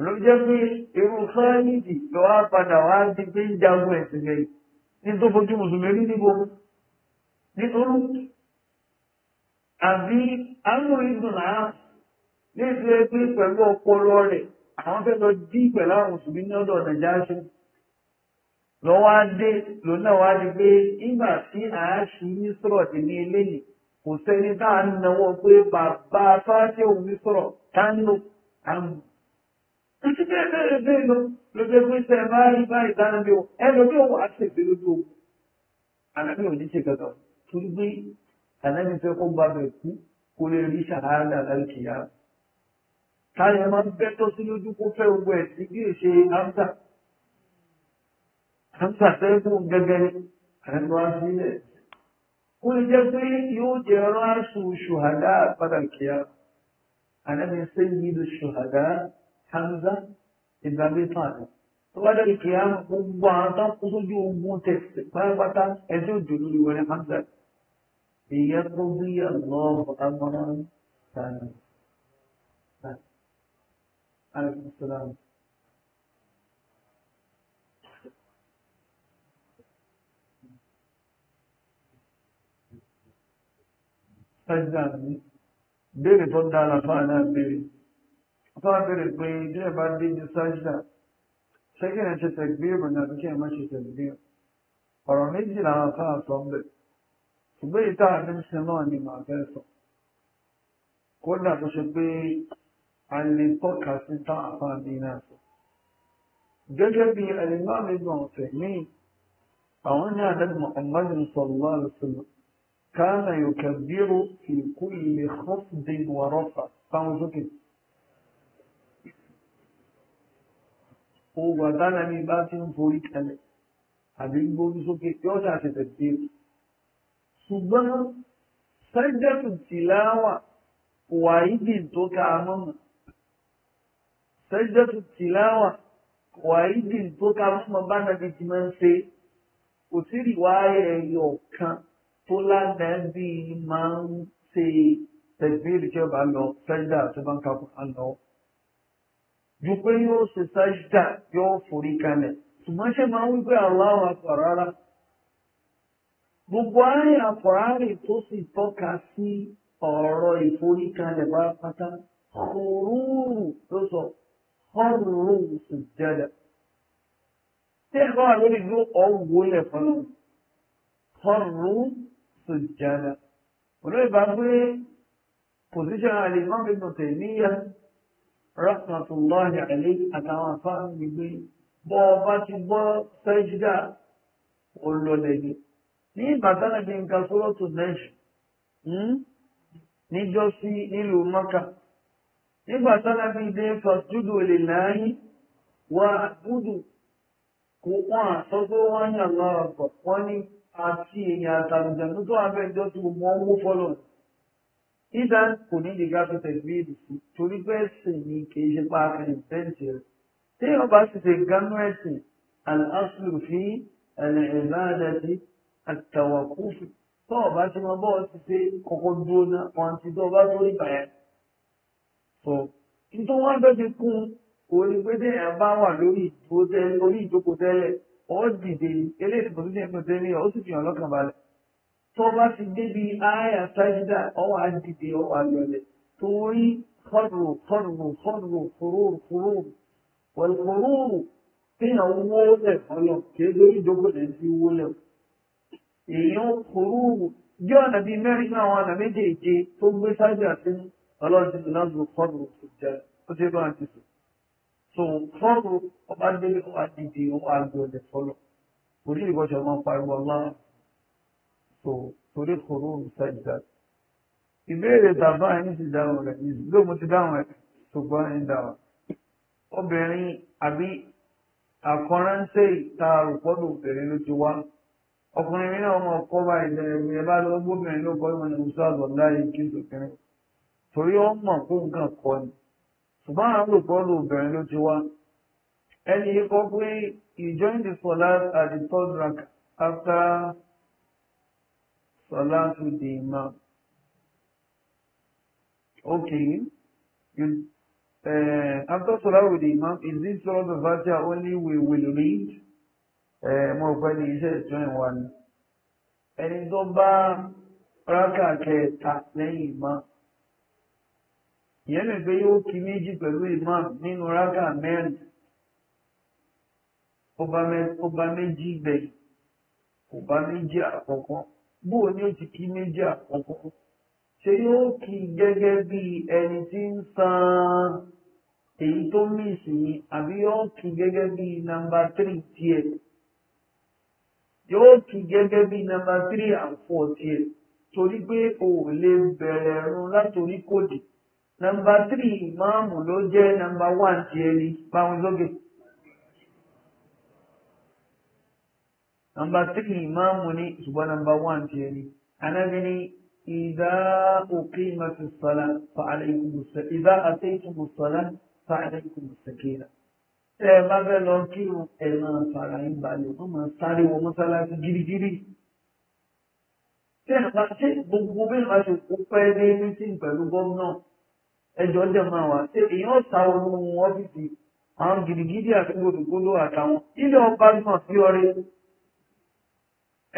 ló jẹ́ pé irú fáyìdì ló wá padà wá di ń jagun ẹ̀sìn gẹ̀yìn nítorí àbí alóyìnbùnà ní ìfẹ́ pé pẹ̀lú ọpọlọ rẹ̀ àwọn fẹ́ lọ dí pẹ̀lú àwọn mùsùlùmí ní ọ̀dọ̀ nàìjíríà lọ́wọ́ dé lónà wá di pé nígbà tí àáṣì ní sọ̀rọ̀ kò sẹ́ni tá à ń náwó bàbá fáṣẹ́ òun ní sọ̀rọ̀ àmù. bẹ́ẹ̀ bẹ́ẹ̀ bẹ́ẹ̀ lọ pé o ẹ ànábì pé kó bá bẹ̀ kú kó lè rí ṣàhádà lálùkìyà táyà máa ń bẹ́tọ́ sí lójú kó fẹ́ gbogbo ẹ̀ sí bí èṣe hamza hamza fẹ́ẹ́kùn gẹ́gẹ́ ànábì wá sílẹ̀ kó lè jẹ́ pé yóò jẹ́ ránṣù ṣùhàdá padà kìyà ànábì sayyidu ṣùhàdá hamza ìgbàgbé fàánù tó bá gbogbo àwọn tó kú sójú ogun tẹ̀sí pátápátá ẹjọ́ òjò lórí wọlé ليقضي الله أمرا كان عليكم السلام Sajjan ni, béèrè tó dára fáà náà béèrè. diye béèrè pé tí ẹ bá dé ní Sajjan, ṣé kí ẹ ṣe tẹ̀gbé ìròyìn àbíkẹ́ ẹ ṣùgbọ́n ìta àdúnṣe náà ni màá fẹ́ sọ kódà tó ṣe pé a lè tọ́ka sí tá àfáàbí náà sọ gẹ́gẹ́ bí ẹ̀lẹ́gbàmí gan ọ̀sẹ̀ míì àwọn ní àdẹ́gbẹ̀ Muhammadin sallallahu alaihi wasallam kana yukabbiru fi kulli khafdin wa rafa táwọn sókè ogun àtàlẹ́ni bá ti ń forí kalẹ̀ àbí gbórí sókè yóò ṣàṣẹ̀tẹ̀ sí ṣùgbọ́n sájẹ́tù tìláwà kò wà ìdí tó ká mọ́mọ́ sájẹ́tù tìláwà kò wà ìdí tó ká mọ́mọ́ bá nàbí ti máa ń ṣe kò sí ìwáyé ẹyọ kan tó lánàá bí máa ń ṣe tẹ̀gbìrì tí ó bá lọ sájdà tó bá ń ka kúrán lọ. ju pé yóò ṣe sájdà yóò forí kalẹ̀ ṣùgbọ́n ṣe máa ń gbé aláwọ̀ àpọ̀ rárá gbogbo àárín àfọ̀hárì tó sì tọ́ka sí ọ̀rọ̀ ìforíkalẹ̀ bá pátá kòrúurù ló sọ ọ̀rùn sì jẹlẹ̀. tí ẹ bá wà lórí ìlú ọ̀wọ́ lẹ̀ fún un ọ̀rùn sì jẹlẹ̀. olóyè bá gbé pòsíṣàn al-Imam Ibn Taymiyyah rahmatullahi alayhi àtàwọn afáàmì gbé bọ́ ọba ti gbọ́ sẹ́jídà olólẹ́gbẹ̀ẹ́ ní ìbátánàbí nǹkan sọ́lọ́tù lẹ́ṣù hmm, níjọ́ sí nílùú mọ́kà nígbà tánàbí dé fàṣúdù lè láàyè wà gúdù kò wọ́n àsọ tó wọ́n ní àlọ́ọ̀pọ̀ wọ́n ní àti èèyàn àtàlùjẹ̀ tó tó abẹ́jọ́ tí gbogbo wọn wó fọ́lọ̀ ìdá kò ní ìdíga tó tẹ̀lé ìdìbò torí bẹ́ẹ̀ sì ni kì í ṣe pa àfẹnìfẹ́ǹtì rẹ̀ téèyàn bá sì ṣe gánú ẹ̀sìn àlàáfíà fi ẹ̀lẹ́ ìbáradà sí àtàwàkúfù tó ọba tí wọn bọ́ ti ṣe kọ́kọ́ dúró náà wọn ti tó ọba tó rí bàyà sọ nítorí wọn fẹ́ fi kún òun ni pé téèyàn bá wà lórí ìdúró tẹ́lẹ̀ orí ìjókòó tẹ́lẹ̀ ọ dìde eléyìí tó ti dẹ́kun tẹ́lẹ̀ ó sì fi hàn lọ́kàn balẹ̀ tó bá ti débi àyà sájídà ọwọ́ á dìde ọwọ́ á lọlẹ̀ torí fọ́nrù fọ́nrù fọ́nrù fòrórù fòrórù wọ̀lùfòrórù téèyàn wó lẹ̀ fọlọ́ kì í lórí ìjókòó lẹ́yìn tí wó lẹ̀ fọ́ èèyàn kúrú bí ọ̀nà bíi mẹ́rin náà àwọn ọ̀nà méjèèje tó gbé sáájú àti ọlọ́run ti dùn láti fọ́ọ̀rù tó jẹ ó ti bá ti sùn. so fọ́ọ̀rù ọba délé ọba dìde ọba gbọ̀dẹ̀ fọlọ̀ orí ìbọ̀jọ̀ máa ń pariwo ọlọ́run so torí kúrú sájà. ìbéèrè bàbá ẹni ti dáhùn rẹ̀ ló mo ti dáhùn ẹ̀ ṣùgbọ́n ẹni dáhùn. obìnrin àbí àkọ́ránṣẹ́ ìta àrùpọ̀dọ̀ obìnrin ló ti wá ọkùnrin mi náà mọ̀ kọ́ báyìí lẹ́yìn ìgbìyànjú bá lọ gbóbìnrin ló kọ́ ìmọ̀ ní musa àbọ̀dá yìí kí n sòkìnrin torí ó mọ̀ kó nǹkan kọ́ ni ṣùgbọ́n àwọn olùkọ́lù obìnrin ló ti wá ẹni yìí pé he joined the salat at the third rank after salat with the imam okay you, uh, after salat with the imam is this sort of verse only we will read. Eh, mo rò pé ní iṣẹ́ ìtúnyìn wa ni ẹni tó bá rákà kẹta lẹ́yìn ìmọ̀ ìyẹn mi pé yóò kí méjì pẹ̀lú ìmọ̀ nínú rákà mẹ́rin ó bá méjì gbẹ̀yìn kò bá méjì àkọ́kọ́ bóò ni ó ti kí méjì àkọ́kọ́ ṣe yóò kí gẹ́gẹ́ bí ẹni tí ń san èyí tó mí gẹ́gẹ́ bí yóò kí gẹ́gẹ́ bí nọ́mbà three and four tiẹ̀ torí pé o ò lè bẹ̀rẹ̀ run látòrí kòdì nọ́mbà three ìmáàmù ló jẹ́ nọ́mbà one tiẹ̀ ni báwọn lóge. nọ́mbà three ìmáàmù ni ṣùgbọ́n nọ́mbà one tiẹ̀ ni anábì ni ìdá òkè ìmọ̀tò sọ̀lá fàálẹ̀ ìkùmùsẹ̀ ìdá àtẹ̀yìntùmùsọ̀lá fàálẹ̀ ìkùmùsẹ̀ kéèrà tẹ ẹ bá fẹ́ lọ kírun ẹ máa fara yín balẹ̀ wọ́n máa sáré wọ mọ́sálásí gírígírí. ṣé gbogbo bí wọ́n ṣe kó pẹ́ dé mítìn pẹ̀lú gómìnà ẹjọ́ jẹ́ máa wà ṣé èèyàn ta ohun ọ́fíìsì àwọn gírígírí àti gbòdògbòdò àtàwọn ilé ọba náà sí ọrẹ.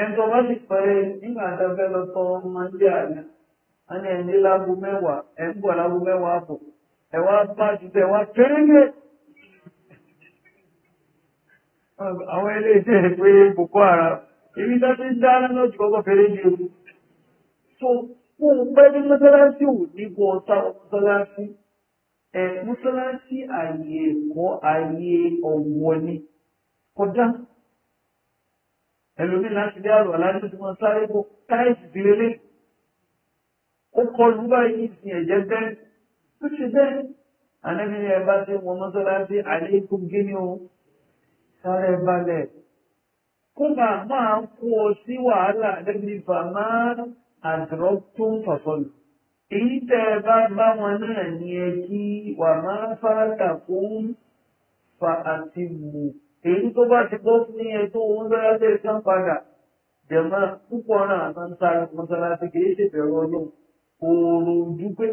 ẹ̀ńtọ́ bá sì pẹ́ nígbà tá a fẹ́ lọ tọ́ máa ń dé àná a ní ẹni lágbo mẹ́wàá ẹ̀ ń bọ̀ lágbo mẹ́wàá àbọ̀ ẹ̀ wá bá jù bẹ́ẹ̀ wá kéré àwọn ilé iṣẹ́ pé boko haram ibi tẹ́tí dáná náà jù kọ́kọ́ fẹ́rẹ́ ju ewu so kó o pẹ́ ní mọ́sálásí ò ní bọ́ mọ́sálásí ẹ̀ mọ́sálásí ààyè ẹ̀kọ́ ààyè ọ̀wọ́ ni kọjá ẹlòmí láti dé àrò aláàdúgbò tí wọ́n sáré bó táìsì ti lélẹ̀ ó kọ lù báyìí ti ẹ̀jẹ̀ bẹ́ẹ̀ tó ṣe bẹ́ẹ̀ ànábi ni ẹ bá ti wọ mọ́sálásí àlékún gíní o sáré balẹ̀ kó bá máa kó o sí wàhálà lẹ́bi bàmá àdúrótún fàfọlù èyí tẹ́ ẹ bá bá wọn náà ní ẹ kí wà máa fàtà fún fa àti mù èyí tó bá ti bọ́ fún ẹ tó ń bẹ́rẹ́ lè san padà jẹ̀mọ́ púpọ̀ náà kan ta mọ́sálásí kì í ṣèbẹ̀rẹ̀ ọlọ́run oòrùn ojú pé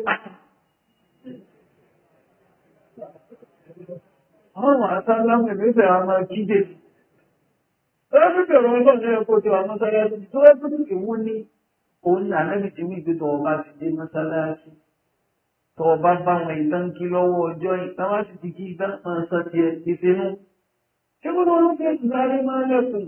ọ̀rùn àtàlámù ìgbésẹ̀ a máa jíde. Ẹlẹ́bẹ̀rẹ̀ ọlọ́run ẹ̀kọ́ ti wà mọ́sálásí tó ẹgbẹ́ tó wọ́n ní òun ní ànábì tí wí pé tọ́wọ́ bá ti dé mọ́sálásí. Tọ́wọ́ bá bá wọn ìdán kí lọ́wọ́ ọjọ́ ìtàn wá sì ti kí ìdán kan sọ ti ẹ̀ ti finú. Ṣé kó lọ́wọ́ fẹ́ ti sáré máa lẹ́kùn?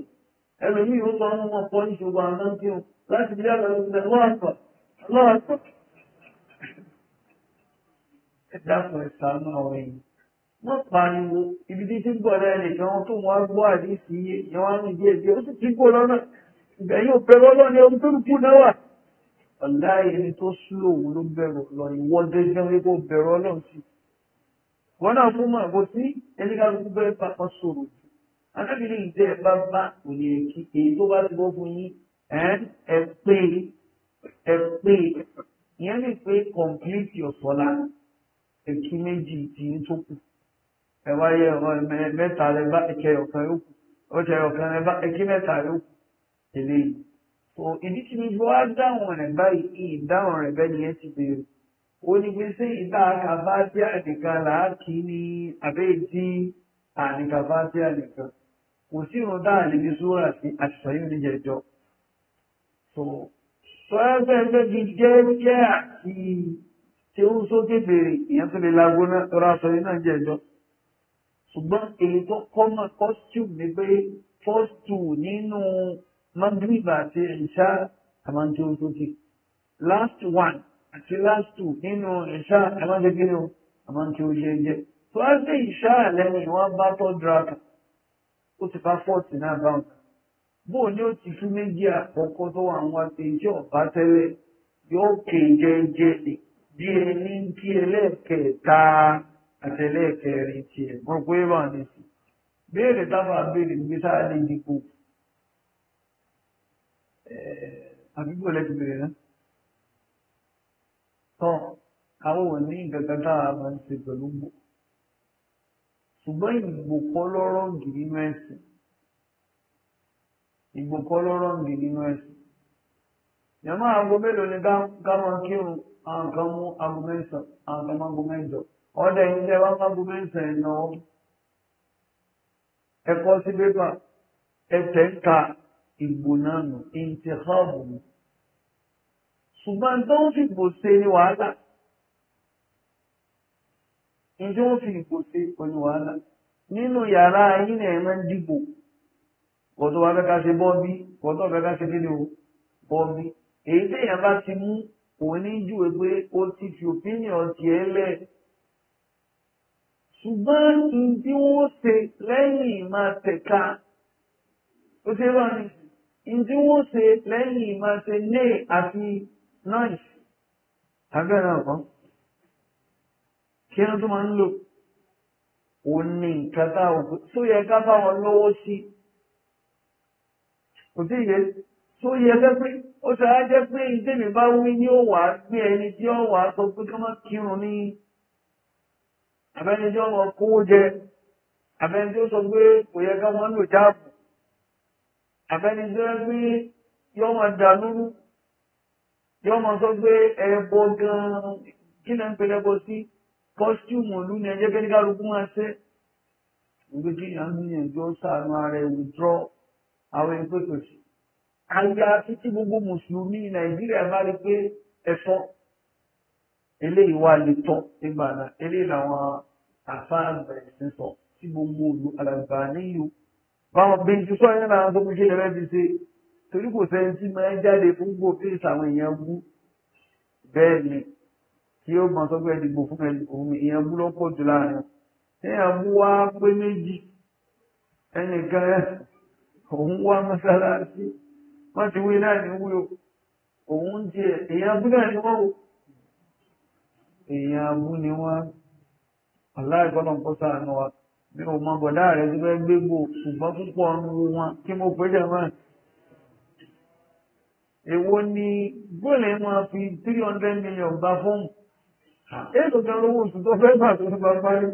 wọ́n pariwo ibi tí tí ń bọ̀ rẹ̀ nìkan wọn tó wọ́n gbọ́ àdísì yé ni wọ́n rìn díẹ̀ díẹ̀ ó sì ti gbò lọ́nà ìgbà yóò bẹ̀rù ọlọ́ni ohun tó kú náà wà. ọ̀la ẹni tó sú òun ló bẹ̀rù lọ ìwọ́ dẹ́gbẹ́ wípé ó bẹ̀rù ọlọ́run sí i. wọ́n náà fún màgbó tí ẹni ká gbogbo bẹ́ẹ̀ papọ̀ sọ̀rọ̀ jù. anábìrin ìdẹ́ ẹ bá bá òní èkì èyí tó bá ti bọ́ fún yín ẹ pé ẹ pé ìyẹn lè pé complete your sọ́lá èkì méjì ìdí tó kù ẹ wáyé ọmọ mẹ́ta rẹ bá ẹkẹ ọ̀kan yókù ọ̀kẹ́ ọ̀kan rẹ bá ẹkẹ mẹ́ta yókù eléyìí. tó ìdí tí mi fi wá dáhùn rẹ̀ báyìí ìdáhùn rẹ̀ bẹ́ẹ̀ nìyẹn ti bèrè. ó ní pé ṣé ìdá àkàbá tí àdìkan làákì ní àbẹ́yìí tí àdìkàbá tí àdìkan kò sí ìrùn dáhà níbi súwọ́rà sí àṣìṣàyò níjẹ̀jọ́. tó tọ́lẹ́fẹ́ ẹgbẹ́ bíi jẹ́ jẹ́ àti ṣé ó sókè bèrè ìyẹn tó lè lagbóná rọ aṣọ ṣùgbọ́n èyí tó kọ́mọ̀ costume ni pé first two nínú mandriva àti ìṣá àmàjọ́sọ́tì last one àti last two nínú ìṣá àmàjọ́gínú àmàjọ́sọ́jẹ́ tó á gbé ìṣá lẹ́nu ìwọ̀n bá tọ́ dragon ó ti fa fọ́ọ̀tì náà bá wọn. bóò ni ó ti fi méjì àkọ́kọ́ tó wà wọn àti ìṣe ọ̀bá tẹ́lẹ̀ yóò kè jẹ́jẹ́ bí ẹni kí ẹlẹ́ẹ̀kẹta àtẹ̀lé kẹrin ti ẹ̀ mọ́ pé wà ní sí béèrè tábà béèrè níbi tá a lè dìpò àdúgbò lẹ́tù béèrè náà tán àwọn ò ní gàgà tá a máa ń ṣe pẹ̀lú gbò ṣùgbọ́n ìgbò kọ́ lọ́rọ̀ gì nínú ẹ̀sìn ìgbò kọ́ lọ́rọ̀ gì nínú ẹ̀sìn yàmá aago mélòó ni ká máa kírun àwọn kan mú aago mẹ́sàn-án àwọn kan máa ń ọdẹ yìí tẹ́ wá mágo mẹ́sàn-án ẹ̀nà ẹ̀kọ́ sí pépà ẹ̀tẹ̀ ń ka ìgbò náà nù ìǹtìhọ́ọ̀bù mi ṣùgbọ́n tó ń fi ìgbò ṣe ni wàhálà ìjọ ń fi ìgbò ṣe ni wàhálà nínú yàrá yín ni ẹ̀ máa ń dìbò kọ́tọ́ wa fẹ́ ká ṣe bọ́ọ̀bí kọ́tọ́ fẹ́ ká ṣe kí ni o bọ́ọ̀bí èyí tẹ̀yàn bá ti mú òun ní júwe pé ti fi òpínìyàn tiẹ̀ lẹ́ẹ̀ ṣùgbọ́n ní tí wọ́n ṣe lẹ́yìn máa tẹ̀ka ó ṣe bá ní ní tí wọ́n ṣe lẹ́yìn máa ṣe ní àti náìs abẹ́rẹ́ ọ̀kan kí wọ́n tó máa ń lò ó ní nǹkan tá ò tó yẹ ká bá wọn lọ́wọ́ sí kò tí ì yẹ tó yẹ fẹ́ pé ó ṣe á jẹ́ pé ìdèmí bá wí ní ó wàá gbé ẹni tí ó wàá sọ pé kí wọ́n kírun ní àbẹ́nijọ́ lọ kówó jẹ àbẹ́nijọ́ sọ pé kò yẹ ká wọ́n lò jáàbù àbẹ́nijọ́ pé yọ́ máa dà lóru yọ́ máa sọ pé ẹbọ gan kí náà ń pè lẹ́bọ sí kọ́sítúmù ìlú ni ẹjẹ́ kẹ́ni kálukú máa ṣe ìgbé kí ìyá ń gbìyànjú ó sàánú ara ẹ̀ wùdúrọ́ àwọn ẹni pé kò sí. àyà títí gbogbo mùsùlùmí nàìjíríà bá rí pé ẹ̀fọ́ eléyìí wá lè tọ́ nígbà náà eléyìí làwọn àfáàgbà ẹ̀sìn sọ tí gbogbo òlu alàgbà níyù báwọn bíntú sọ yẹn náà tó kú kí lẹ́rẹ́ fi ṣe torí kò sẹ́yìn tí máa ń jáde fún gbòòfin ìsàwọn èèyàn bú bẹ́ẹ̀ ni tí ó mọ sọ́gbẹ́ ìdìbò fún ẹ̀dùn ìyẹn bú lọ́pọ̀ jù láàrin èèyàn mú wá pé méjì ẹnìkan òun wá mọ́sálásí wọ́n ti wí náà ní wúlò òun tiẹ̀ èèyàn bú náà ní wọ́n wò èèyàn abú ni wọ́n aláìgbọ́nà kó sàánú wa mi ò mọ bọ̀dá rẹ̀ ti fẹ́ gbégbò ṣùgbọ́n púpọ̀ ń wo wọn kí mo pè jẹ̀ mọ́ èwo ni góòlù ẹ̀ máa fi three hundred million gba fóònù èso kan lówó oṣù tó fẹ́ gbà tó ti gba parí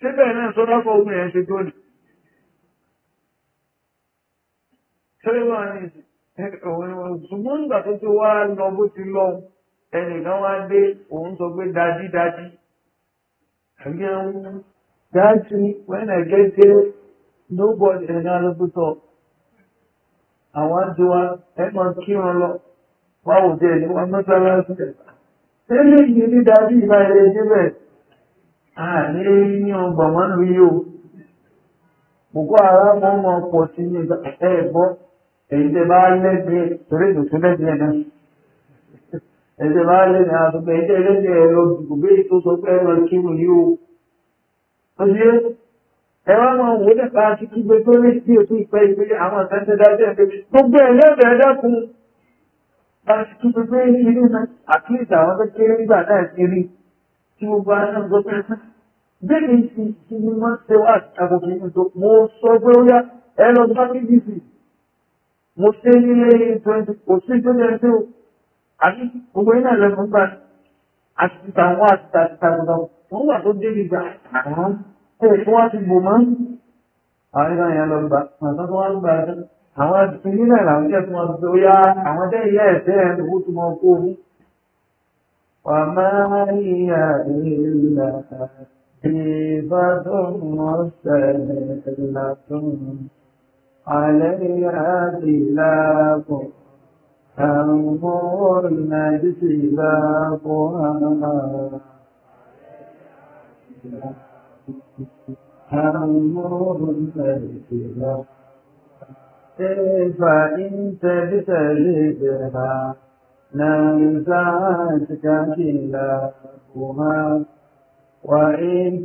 síbẹ̀ náà sọ́dá kọ́ ogun ẹ̀ ṣe góòlù. Tẹ́lẹ̀ wà ní ìsìn ṣùgbọ́n nígbà tó ti wá lọ bó ti lọ ẹnìkan wá dé òun sọ pé dájí dájí àbí ẹ̀hún dájí when I get there nobody ẹ̀ka ló tó tọ̀ àwọn àjọ wa ẹ̀ máa kírun lọ wá wò dé ẹ̀yìn wọn mọ́sálásí ẹ̀lẹ́ yìí ní dájí ìlà ẹ̀rẹ́ débẹ̀ àní ní ọgbà wọn lù yìí o bùkọ́ ara mọ́ ọmọ pọ̀ sí ní ẹ̀gbọ́n èyí tẹ bá lẹ́gbẹ̀ẹ́ torí ìdòtún lẹ́gbẹ̀ẹ́ náà ẹ̀sẹ̀ bá lẹ́gbẹ̀ẹ́ àtúgbẹ̀ ẹ̀jẹ̀ lẹ́gbẹ̀ẹ́ ẹ̀rọ gbogbo tó sọ pé ẹ̀rọ kírù yóò ó ṣe ẹwà máa wò lẹ́pa ti kí gbé tó lè sí òtún ìpẹ́ ìpé àwọn àtẹ́sẹ̀ dájẹ́ pé gbogbo ẹ̀ lẹ́bẹ̀ẹ́ dákun bá ti kí gbogbo ìṣirú náà àkíyèsí àwọn tó kéré nígbà náà ti rí tí gbogbo aná ń gbọ́pẹ́ bẹ́ẹ̀ ni mo ṣe ní twenty kò sí tó jẹ́ pé o àbí gbogbo iná ẹ̀lẹ́fún gbà àti tàwọn àti tàbùtà wọ́n wà tó dé gbígbà àwọn kò tó wá ti gbò mọ́. àwọn ẹ̀ka yẹn lọ gbà àwọn tó wá ń gbà ẹ̀ àwọn àti nílẹ̀ làwọn jẹ́ fún ọdún tó yá àwọn jẹ́ ìyá ẹ̀sẹ̀ ẹ̀ lówó tó mọ kó o. wà á máa ń yà ìlà ìbádọ́n ọ̀sẹ̀ ìlà tó ń عليها سلاك تنظر اجتباقها تنظرن اجتباقها كيف إن تبتلي وإن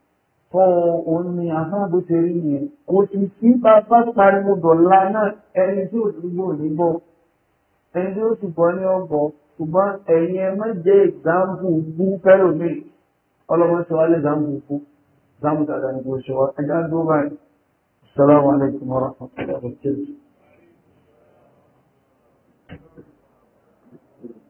fọ́ òun ni àfáà bó ṣe rí yẹn kò sì sí bàbá pariwo dọ̀la náà ẹni tí ò dúgbò níbọ̀ ẹni tí ó sì bọ́ ní ọgbọ̀ ṣùgbọ́n ẹ̀yin ẹ má jẹ́ ìgbàmù bú fẹ́lòmí ọlọ́mọṣẹ́ wa lè gbàmù bú gbàmù tàdá ní bó ṣe wa ẹja dó báyìí Assalamu alaikum warahmatullahi wabarakatuh